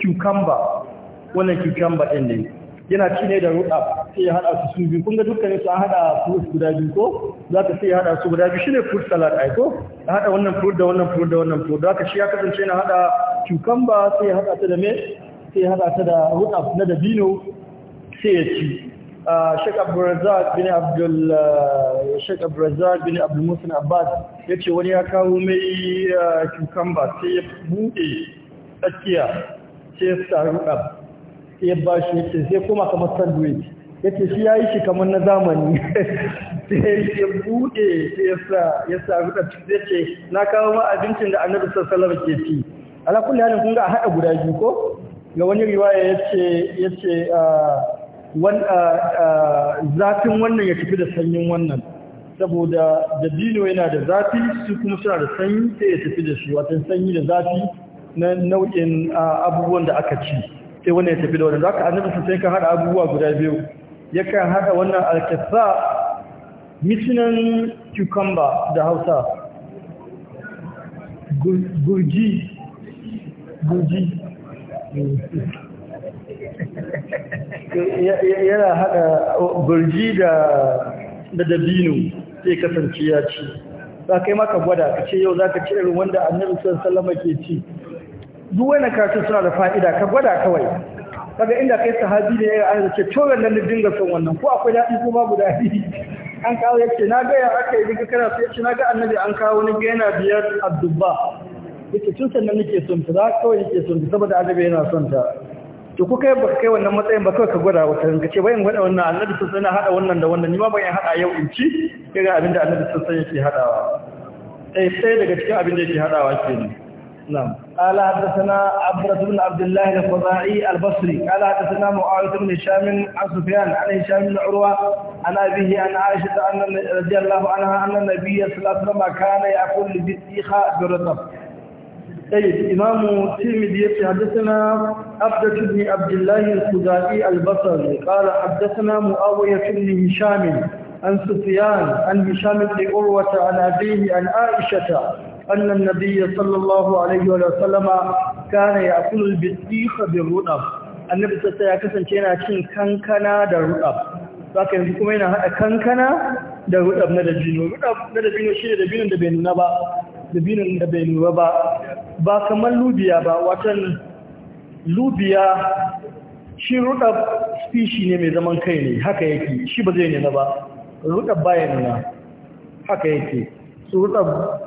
cucumber wannan cucumber ɗin ne yana ci ne da ruɗa sai ya haɗa su su biyu ga dukkanin su an haɗa fruit guda biyu ko za ka sai ya haɗa su guda biyu shi ne fruit salad ai ko ya haɗa wannan fruit da wannan fruit da wannan fruit da haka shi ya kasance yana haɗa cucumber sai ya haɗa ta da me sai ya haɗa ta da ruɗa na dabino sai ya ci Sheikh Razak bin Abdul Sheikh Razak bin Abdul Musin Abbas yace wani ya kawo mai cucumber sai ya buɗe tsakiya sai ya saru up sai ya bashi yace sai kuma kamar sandwich yace shi yayi shi kamar na zamani sai ya buɗe sai ya sa ya saru up yace na kawo ma abincin da Annabi sallallahu alaihi wasallam ke ci ala kulli halin kun ga a hada guda biyu ko ga wani riwaya yace yace zafin wannan ya tafi da sanyin wannan saboda da dino yana da zafi su kuma suna da sanyi sai ya tafi da shi watan sanyi da zafi na nau'in abubuwan da aka ci sai wannan ya tafi da wannan zaka annabi sai kan hada abubuwa guda biyu yakan hada wannan alkasa mitinan cucumber da Hausa gurji gurji yana haɗa burji da dabino sai kasance ya ci za ka yi maka gwada ka ce yau za ka ci irin wanda annabi sallallahu salama ke ci duk wani karatun suna da fa'ida ka gwada kawai kaga inda kai sahabi ne ya yi ce to nan da dinga son wannan ko akwai daɗi ko babu daɗi an kawo ce na ga ya aka yi daga kana sai ce na ga annabi an kawo ni ga yana biyar addubba yace tun sannan nake son ta za kawai nake son ta saboda annabi yana son ta to ku kai ba kai wannan matsayin ba kai ka gwada wata ranka ce bayan gwada wannan annabi sun sanya hada wannan da wannan ni ma bayan hada yau in ci kai ga abinda annabi sun sanya shi hadawa sai sai daga cikin abinda yake hadawa ke ni, na'am qala hadathana abdurrahman Abdullahi abdullah al-qaza'i al-basri qala hadathana mu'awiyah ibn hisham al-sufyan an hisham ibn urwa an abihi an aisha anna radiyallahu anha anna nabiyya sallallahu alaihi wasallam kana yaqul bi-sikha bi-ratab طيب إمام ترمذي حدثنا عبدة بن عبد الله الخزاعي البصري قال حدثنا معاوية بن هشام عن سفيان عن هشام بن عروة عن أبيه عن عائشة أن النبي صلى الله عليه وسلم كان يأكل البطيخ بالرطب النبي صلى الله عليه وسلم كان كنكنا بالرطب saka yanzu kuma yana haɗa kankana da rudab na dabino rudab na dabino shi ne dabinin da bai nuna ba dabinin da bai nuna ba ba kamar lubiya ba watan lubiya shi ruɗa spishi ne mai zaman kai ne haka yake shi ba zai nuna ba ruɗa baya nuna haka yake su ruɗa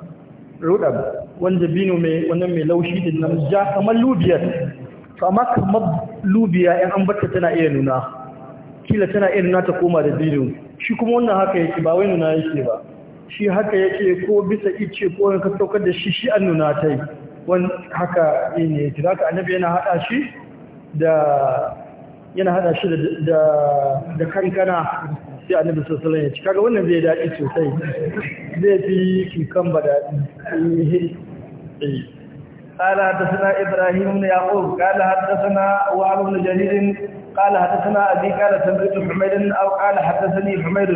ruɗa wanda bino mai wannan mai laushi din nan ja kamar lubiyar to amma kamar lubiya in an batta tana iya nuna kila tana iya nuna ta koma da bino shi kuma wannan haka yake ba wai nuna yake ba shi haka yake ko bisa ice ko ya ka saukar da shi shi an nuna ta yi wani haka ne yake za ka annabi yana haɗa shi da yana haɗa shi da kankana sai annabi sosai ya ci kaga wannan zai daɗi sosai zai fi kikan ba daɗi قال حدثنا إبراهيم بن يعقوب قال حدثنا وعلى بن جرير قال حدثنا أبي قال سمعت حميد أو قال حدثني حميد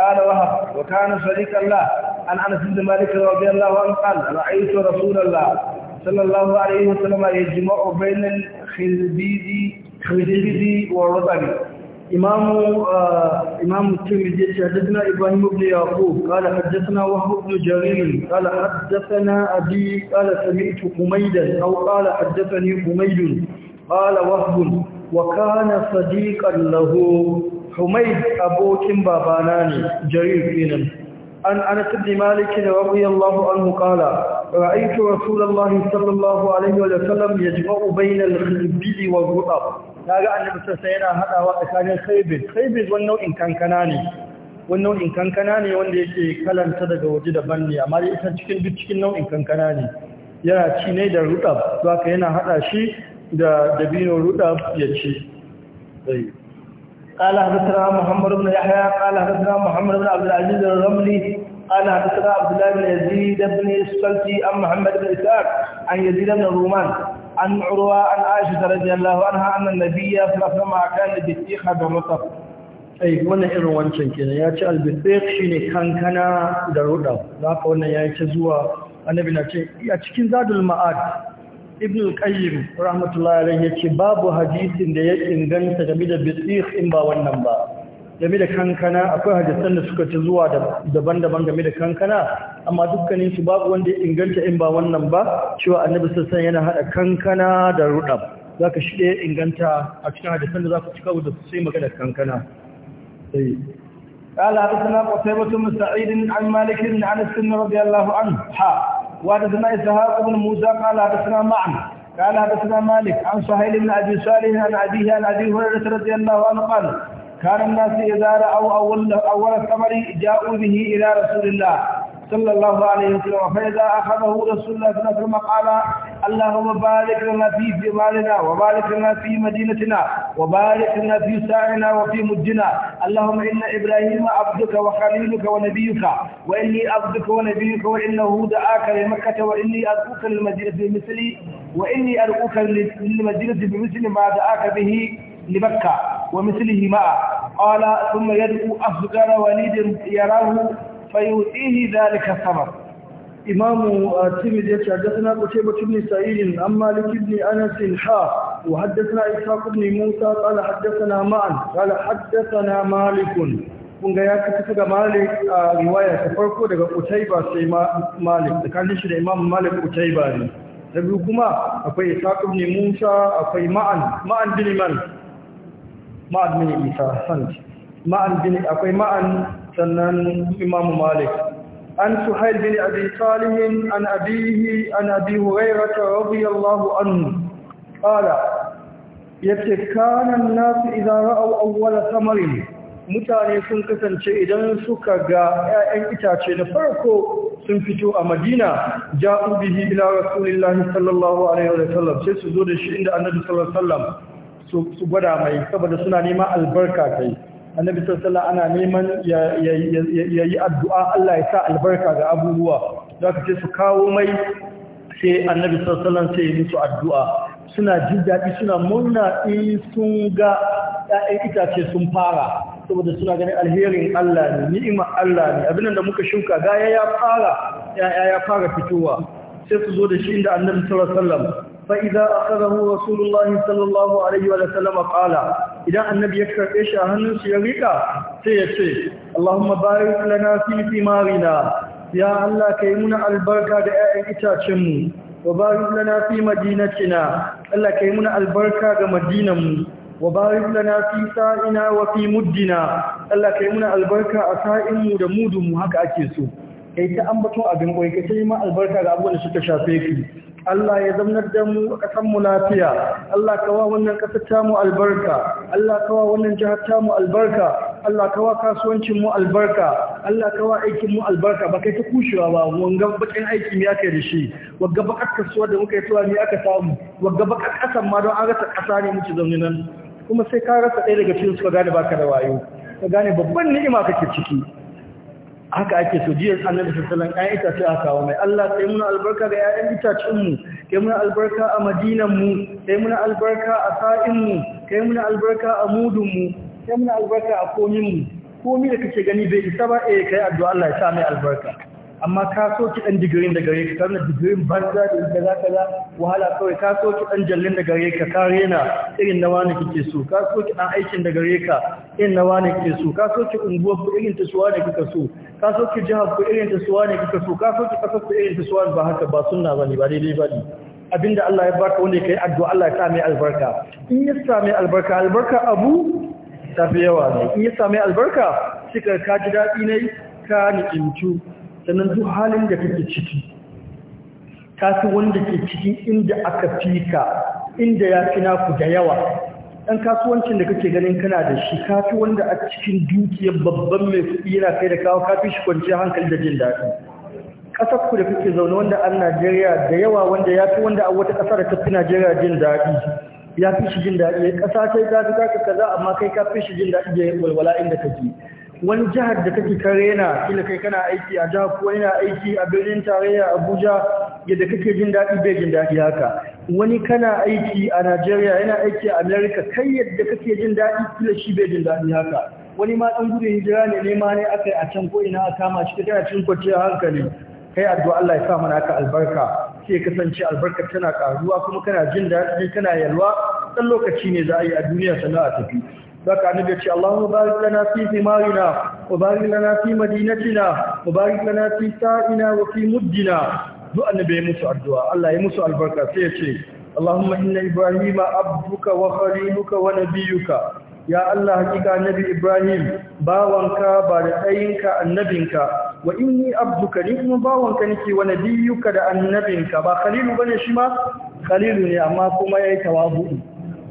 قال وهب وكان صديق الله عن انس بن مالك رضي الله عنه قال رايت رسول الله صلى الله عليه وسلم يجمع بين الخلبيد خلبيد والرطب امام آه امام الترمذي حدثنا ابراهيم بن يعقوب قال حدثنا وهب بن جرير قال حدثنا ابي قال سمعت حميدا او قال حدثني حميد قال وهب وكان صديقا له humaid abokin babana ne jarir kenan an anas ibn malik radiyallahu anhu qala ra'aytu rasulullahi sallallahu alaihi wa sallam yajma'u bayna al-khibbi wa al-rutab kaga annabi sai yana haɗawa tsakanin khaybin khaybin wani nau'in kankana ne wani nau'in kankana ne wanda yake kalanta daga waje daban ne amma ita cikin duk cikin nau'in kankana ne yana ci ne da rutab zaka yana hada shi da dabino rutab ya ci قال حدثنا محمد بن يحيى قال حدثنا محمد بن عبد العزيز الرملي قال حدثنا عبد الله بن يزيد بن السلفي عن محمد بن اسحاق عن يزيد بن الرومان عن عروه عن عائشه رضي الله عنها ان النبي صلى الله عليه وسلم كان بالسيخ بالرطب ai wannan irin wancan kenan ya ci albifek shine kankana da ruda zaka wannan ya ci zuwa annabi na ce a cikin zadul ma'ad ibn al-qayyim rahmatullahi alayhi yace babu hadisin da ya inganta game da bisikh in ba wannan ba game da kankana akwai hadisan da suka ci zuwa daban-daban game da kankana amma dukkanin su babu wanda ya inganta in ba wannan ba cewa annabi sallallahu alaihi yana hada kankana da rudab zaka shi da inganta a cikin hadisan da zaka kawo da sai magana kankana sai قال حدثنا قتيبة بن سعيد عن مالك بن انس رضي الله عنه وحدثنا إسحاق بن موسى قال حدثنا معن قال حدثنا مالك عن سهيل بن أبي صالح عن أبيه عن أبي هريرة رضي الله عنه قال كان الناس إذا رأوا أول, أول الثمر جاءوا به إلى رسول الله صلى الله عليه وسلم فإذا أخذه رسول الله صلى الله عليه قال اللهم بارك لنا في جمالنا وبارك لنا في مدينتنا وبارك لنا في ساعنا وفي مدنا اللهم إن إبراهيم عبدك وخليلك ونبيك وإني عبدك ونبيك وإنه دعاك لمكة وإني أرقوك للمدينة بمثل وإني أرقوك للمدينة بمثل ما دعاك به لمكة ومثله معه قال ثم يدعو أفقر وليد يراه فيؤتيه ذلك الثمر إمام الترمذي حدثنا قتيبة بن سعيد عن مالك بن انس حا وحدثنا اسحاق بن موسى قال حدثنا معا قال حدثنا مالك kun ga ya kafa ga Malik a riwaya ta farko daga Utaiba sai Malik tsakanin shi da Imam Malik Utaiba ne da biyu kuma akwai Isaac ibn Musa akwai Ma'an Ma'an bin Man Ma'an bin Isa san Ma'an bin akwai Ma'an sannan imam malik an suhail bin abi salih an abihi an abi hurairah radiyallahu anhu qala yace kana an-nas idza ra'aw awwal samarin. mutane sun kasance idan suka ga 'ya'yan itace na farko sun fito a madina ja'u bihi ila rasulillahi sallallahu alaihi wa sallam sai su zo da shi inda annabi sallallahu alaihi wa sallam su gwada mai saboda suna neman albarka kai annabi sallallahu ana neman ya yi addu'a Allah ya sa albarka ga abubuwa da ka ce su kawo mai sai annabi sallallahu sai musu addu'a suna jin suna murna in sun ga ‘ya'yan itace sun fara saboda suna ganin alherin Allah ne ni'imar Allah ne abin da muka shuka gaya ya fara ‘ya'ya ya fara fitowa sai su zo da shi inda annabi sallallahu fa’iza a ƙararrun rasulullahi sallallahu Alaihi wa sallama ƙala idan annabi ya karɓe shi a hannunsu ya rika sai ya ce Allahumma bari lana fi marina ya Allah ka yi muna albarka ga ‘ya’yan itacenmu wa bari lana fi madinacina Allah ka yi muna albarka ga madinanmu wa bari lana fi sa’ina wa fi muddina Allah ka yi muna albarka a sa’inmu da mudunmu haka ake so ka yi ta ambaton abin kwaikata yi ma albarka ga abubuwan da suka shafe ki Allah ya zamnar da mu a mu lafiya, Allah kawa wannan ƙasar tamu albarka, Allah kawa wannan jihar tamu albarka, Allah kawa kasuwancin mu albarka, Allah kawa aikin mu albarka ba kai ta kushewa ba, wanga bakin aiki ya kai da shi, wagga bakar kasuwar da muka yi tuwa ne aka samu, wagga bakar ƙasan ma don an rasa ƙasa ne muke zaune nan, kuma sai ka rasa ɗaya daga cikin suka gane baka da wayo, ka gane babban ni'ima kake ciki. haka ake so jiya annabi sallallahu alaihi wasallam itace aka kawo mai Allah sai muna albarka ga ƴaƴan itacen mu kai muna albarka a madinan mu kai muna albarka a sa'in mu kai muna albarka a mudun mu kai muna albarka a komin mu komi da kake gani bai isa ba eh kai addu'a Allah ya sa mai albarka amma ka so ki dan digirin da gare ka kana digirin banza da kaza kaza wahala kawai ka so ki dan jallin da gare ka ka rena irin na wani kike so ka so ki dan aikin da gare ka irin na wani kike so ka so ki unguwa irin ta suwa da kika so ka soke jihar ku irin ta suwa ne kika so ka soke kasar ku irin ta suwa ba haka ba sunna bane ba daidai bane abinda Allah ya baka wanda kai addu'a Allah ya same albarka in ya same albarka albarka abu tafi yawa ne in ya same albarka suka ka ji daɗi ne ka ni'imtu sannan duk halin da kake ciki ka wanda ke cikin inda aka fika inda ya fi naku da yawa ɗan kasuwancin da kake ganin kana da shi kafi wanda a cikin dukiyar babban mai kuɗi yana kai da kawo kafi shi kwanciyar hankali da jin daɗi ƙasar ku da kake zaune wanda an Najeriya da yawa wanda ya fi wanda a wata ƙasa da tafi Najeriya jin daɗi ya fi shi jin daɗi ƙasa sai za ta kaza amma kai ka fi shi jin daɗi da walwala inda ka je. wani jihar da kake kare yana kila kai kana aiki a jihar ko yana aiki a birnin tarayya abuja yadda kake jin daɗi bai jin daɗi haka wani kana aiki a najeriya yana aiki a Amerika, kai yadda kake jin daɗi kila shi bai jin daɗi haka wani ma ɗan gudun hijira ne nema ne aka yi a can ko ina a kama shi kana cin kwanciyar hankali kai addu'a Allah ya sa mana aka albarka sai kasance albarka tana karuwa kuma kana jin daɗi kana yalwa ɗan lokaci ne za a yi a duniya sana'a tafi ذاك أن يقول اللهم بارك لنا في ثمارنا وبارك لنا في مدينتنا وبارك لنا في سائنا وفي مدنا duk annabi ya musu addu'a Allah ya musu albarka sai ya ce Allahumma inna ibrahima abduka wa khaliluka wa nabiyuka ya Allah hakika nabi ibrahim bawanka ba da tsayinka annabinka wa inni abduka ni kuma bawanka nake wa nabiyuka da annabinka ba khalilu bane shi ma khalilu ne amma kuma yayi tawabu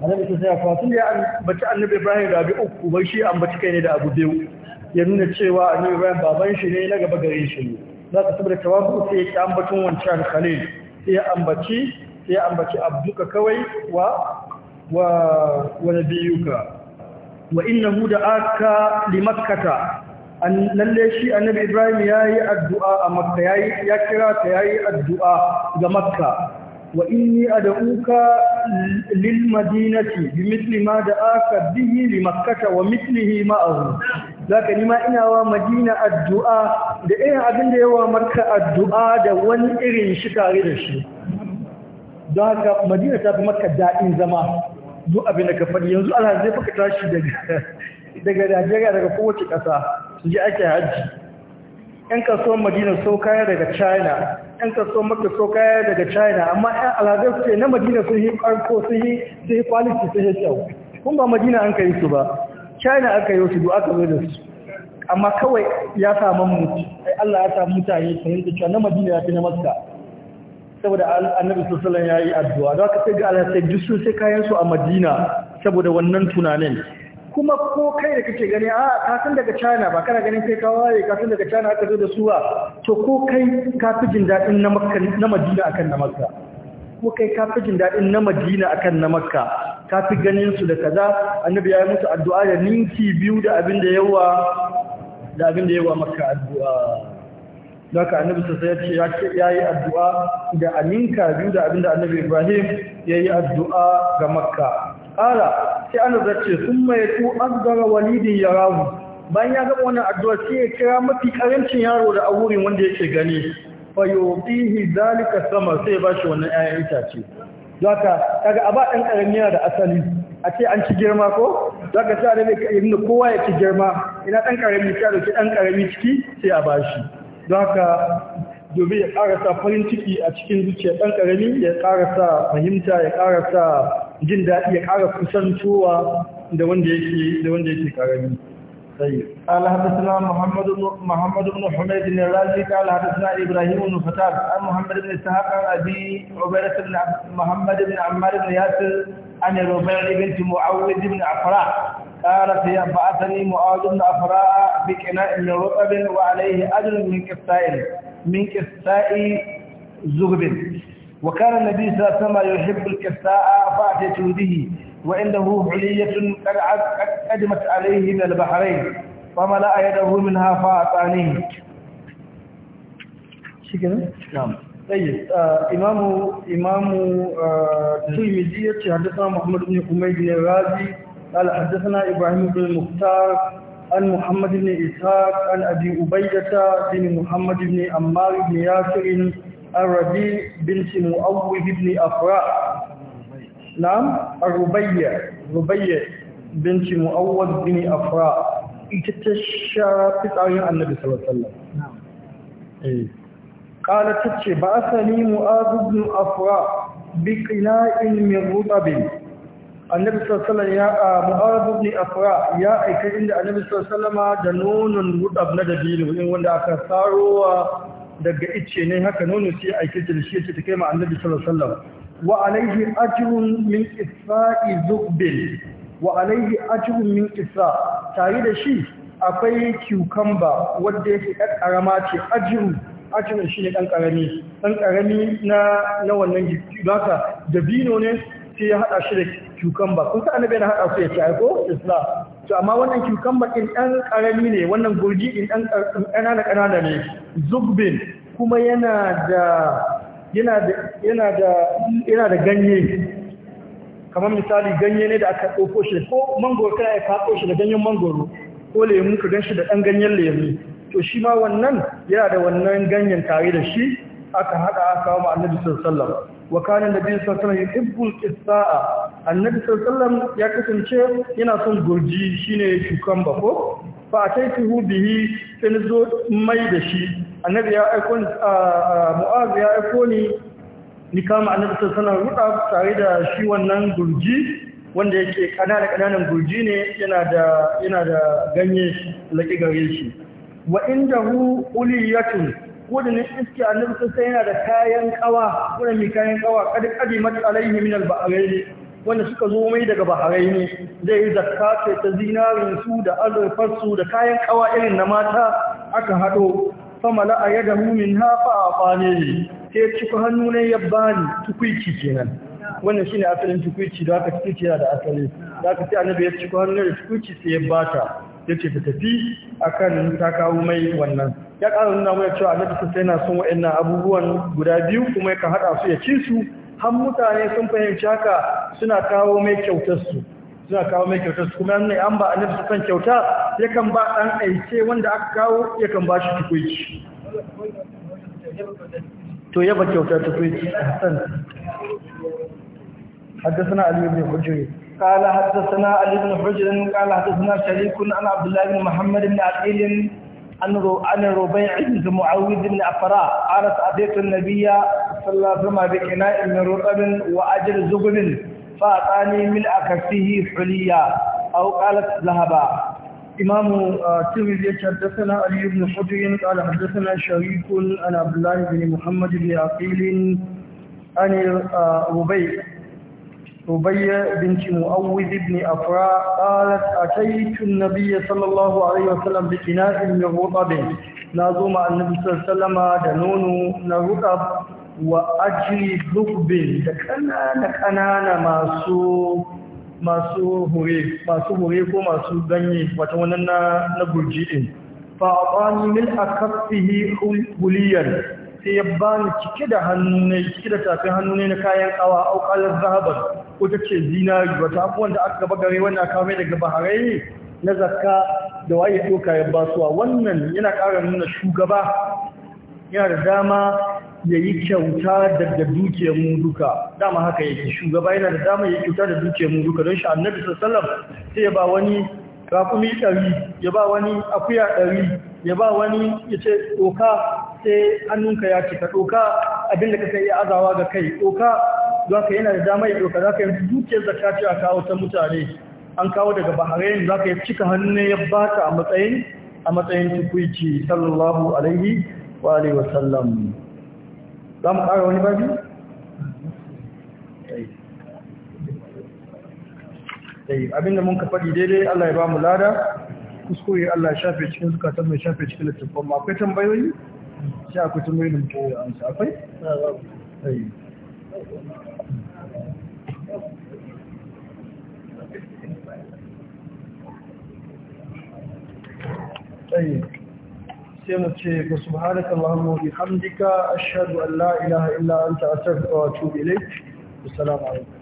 annabi ta sai fa sun ya ambaci annabi Ibrahim da abi uku bai shi ambaci kai ne da abu biyu ya nuna cewa annabi Ibrahim baban shi ne na gaba gare shi ne za ka saboda tawabu sai ya ambaton wancan Khalil sai ya ambaci sai ya ambaci abduka kawai wa wa wa nabiyuka wa innahu da'aka li makkata an lalle shi annabi Ibrahim yayi addu'a a makka yayi ya kira ta yayi addu'a ga makka وإني أدعوك للمدينة بمثل ما دعاك به لمكة ومثله ما أظن ذاك لما إنا ومدينة الدعاء لإيه أبن دي ومكة الدعاء دوان إغن شكا غير الشيء ذاك مدينة تابي مكة دائن زمان duk abin da ka faɗi yanzu ana دقاء دقاء دقاء دقاء دقاء daga kowace ƙasa su je ake hajji 'yan kasuwan madina دقاء kaya daga china 'yan kasuwan maka so kaya daga china amma 'yan alhazar ce na madina sun yi ƙarko sun yi sun yi kwaliti sun yi kyau kun ba madina an ka yi su ba china aka yi su aka zo da su amma kawai ya samu mutu allah ya samu mutane su yi cewa na madina ya fi na maska saboda annabi sosalan ya yi addu'a don haka sai ga alhazar sun sai kayan su a madina saboda wannan tunanin kuma ko kai da kake gani a ah, ka san daga China ba kana ganin kai ka ne ka san daga China aka zo da suwa to ko kai ka fi jin dadin na Makka na Madina akan na Makka ko kai ka fi jin dadin na Madina akan na Makka ka fi ganin su da kaza annabi ya yi musu addu'a da ninki biyu da abin da yawa da abin da yawa Makka addu'a Daka annabi sai ya ce ya yi addu'a da aminka biyu da abin da annabi Ibrahim ya yi addu'a ga Makka. ƙara sai ana zace sun mai tu asgara walidin ya rahu bayan ya gama wannan addu'a sai ya kira mafi karancin yaro da awurin wanda yake gani fa yubihi zalika sama sai ya bashi wannan 'ya'yan itace zaka kaga a ba ɗan ƙarami yana da asali a ce an ci girma ko zaka sai da kai kowa ya ci girma ina ɗan ƙarami sai da ɗan ƙarami ciki sai a bashi zaka domin ya ƙarasa farin ciki a cikin zuciya ɗan ƙarami ya ƙarasa fahimta ya ƙarasa jin daɗi ya ƙara kusantowa da wanda yake da wanda yake karami طيب قال حدثنا محمد بن محمد بن حميد الرازي قال حدثنا ابراهيم بن فتار عن محمد بن اسحاق عن ابي عبيده بن محمد بن عمار بن ياسر عن ربيع بنت معوذ بن عفراء قالت هي بعثني معاذ بن عفراء بكناء من رطب وعليه اجر من كفاء من كفاء زغب وكان النبي صلى الله عليه وسلم يحب الكساء فأتيت به وعنده حلية قد قدمت عليه من البحرين فملأ يده منها فأعطاني شكرا نعم طيب آه، إمام إمام آه، تلميذية حدثنا محمد بن حميد بن الرازي قال حدثنا إبراهيم بن المختار عن محمد بن إسحاق عن أبي عبيدة بن محمد بن أمار بن ياسر الربيع بن مؤوه بن أفراء نعم الربيع الربيع بن مؤوه بن أفراء إتتشى في تعالي عن النبي صلى الله عليه وسلم قال تتشى بأثني مؤاذ بن أفراء بقناء من رطب Annabi sallallahu alaihi wa sallam ya mu'arabu ni afra ya aikai inda Annabi sallallahu alaihi wa da nonon gudabna da dilo in wanda aka sarowa. daga ice ne haka nono sai a kirki da shi ce ta kai ma annabi sallallahu alaihi wasallam wa alaihi ajrun min isfa'i zubbil wa alaihi ajrun min isfa tare da shi akwai cucumber wanda yake karama ce ajru ajrun shine dan karami dan karami na na wannan gidaka dabino ne sai ya hada shi da cucumber kun sa annabi na hada su ya ci aiko isla to amma wannan cucumber din dan karami ne wannan gurji din dan kanana kanana ne zubbin kuma yana da yana da yana da yana da ganye kamar misali ganye ne da aka ɗauko shi ko mangoro kana ya kaɗo shi da ganyen mangoro ko lemu ka gan shi da ɗan ganyen lemu to shi ma wannan yana da wannan ganyen tare da shi aka haɗa aka kawo ma annabi sallallahu alaihi wasallam wa kana annabi sallallahu alaihi wasallam yuhibbul qisaa annabi sallallahu ya kasance yana son gurji shine shukan bako fa ataituhu bihi sai zo mai da shi annabi ya aiko ni mu'az ya aiko ni ni kama annabi sallallahu ruda tare da shi wannan gurji wanda yake kanana kananan gurji ne yana da yana da ganye laki gare shi wa indahu uliyatun wadannan iske annabi sosai yana da kayan kawa wadda mai kayan kawa Kada kadi mata alaihi min alba'arai wanda suka zo mai daga ne. zai yi zakka ta zinarinsu da azurfarsu da kayan kawa irin na mata aka haɗo famala a yada mumin hafa a fane ne sai ciki hannu ne ya bani tukwici kenan wannan shi ne asalin tukwici da aka tukwici da asali da aka ce annabi ya ciki hannu da tukwici sai ya bata ya ce ta tafi akan ta kawo mai wannan ya ƙara nuna mana cewa annabi sai yana son waɗannan abubuwan guda biyu kuma ya ka haɗa su ya ci su har mutane sun fahimci haka suna kawo mai su, suna kawo mai su. kuma yanzu an ba annabi su kan kyauta yakan ba ɗan aice wanda aka kawo yakan ba shi tukwici to ya yaba kyauta tukwici a san haddasana ali ibn hujri qala haddasana ali ibn hujri qala haddasana shariku an abdullahi ibn muhammad ibn aqil عن ربيع بن معاوية بن أفراء قالت أتيت النبي صلى الله عليه وسلم بكناء من رطب وأجل زبد فأعطاني من أكفه حليا أو قالت ذهبا إمام ترمذي حدثنا علي بن حجر قال حدثنا شريك عن عبد الله بن محمد بن عقيل عن ربيع ربيع بنت مؤوذ a أفراء قالت أتيت النبي صلى الله عليه وسلم بإناء من رطب نازوم النبي صلى الله عليه وسلم دنون نرطب وأجري ذقب دكنان كنان ماسو masu hure masu hure ko masu ganye wata wannan na na burji din fa atani min akaffihi sai ya bani cike da tafin hannu ne na kayan ƙawa au qalar zahaban wata ce zinari wata abubuwan da aka gaba gare wannan kawo daga baharai na zakka da waye doka ya basuwa wannan yana ƙara nuna shugaba yana da dama ya yi kyauta daga dukiyar mu duka dama haka yake shugaba yana da dama ya yi kyauta da dukiyar mu duka don shi annabi sallallahu sai ya ba wani rakumi ɗari ya ba wani akuya ɗari ya ba wani ya ce ɗoka sai hannunka ya cika ɗoka abinda ka sai iya azawa ga kai ɗoka don ka yana da dama ya ɗauka za ka yanzu dukiyar zakka ce a kawo ta mutane an kawo daga bahrain za ka yi cika hannu ya ba ta a matsayin a matsayin tukwici sallallahu alaihi wa alaihi wa sallam za mu kara wani babi? abinda mun ka faɗi daidai Allah ya ba mu lada kuskure Allah ya shafe cikin ta mai shafe cikin littattafan ma akwai tambayoyi sai akwai tambayoyi da mutum ya amsa akwai? tsaye sai mu ce ga subhanaka allahumma bihamdika ashhadu an la ilaha illa anta astaghfiruka wa atubu ilayk assalamu alaikum